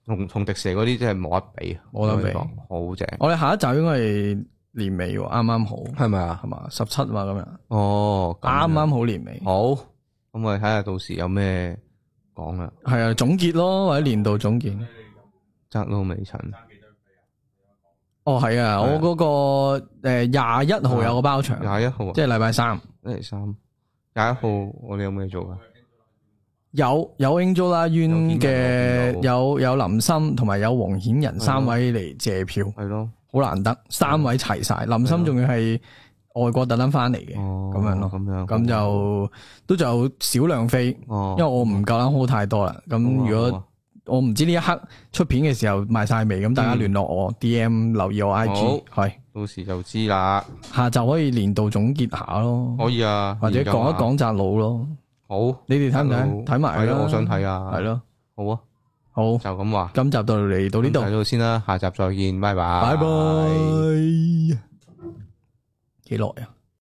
同同迪士尼嗰啲真係冇得比，我冇得比，好正。我哋下一集應該係。年尾㗎，啱啱好，係咪啊？係嘛，十七嘛咁樣。哦，啱啱好年尾。好，咁我哋睇下到時有咩講啦。係啊，總結咯，或者年度總結。扎露美診。哦，係啊，啊我嗰、嗰個誒廿一號有個包場。廿一、哦、號啊？即係禮拜三。星期三。廿一號我，我哋有咩做啊？有有 Angelina 嘅，有有林心同埋有黃顯仁三位嚟借票。係咯、啊。好難得，三位齊晒，林森仲要係外國特登翻嚟嘅，咁樣咯，咁樣，咁就都仲有少量飛，因為我唔夠膽 hold 太多啦。咁如果我唔知呢一刻出片嘅時候賣晒未，咁大家聯絡我，D M 留意我 I G，係，到時就知啦。下晝可以年度總結下咯，可以啊，或者講一講扎佬咯，好，你哋睇唔睇？睇埋咯，我想睇啊，係咯，好啊。好就咁話，今集就嚟到呢度，睇到先啦，下集再見，拜拜，拜拜，幾耐呀？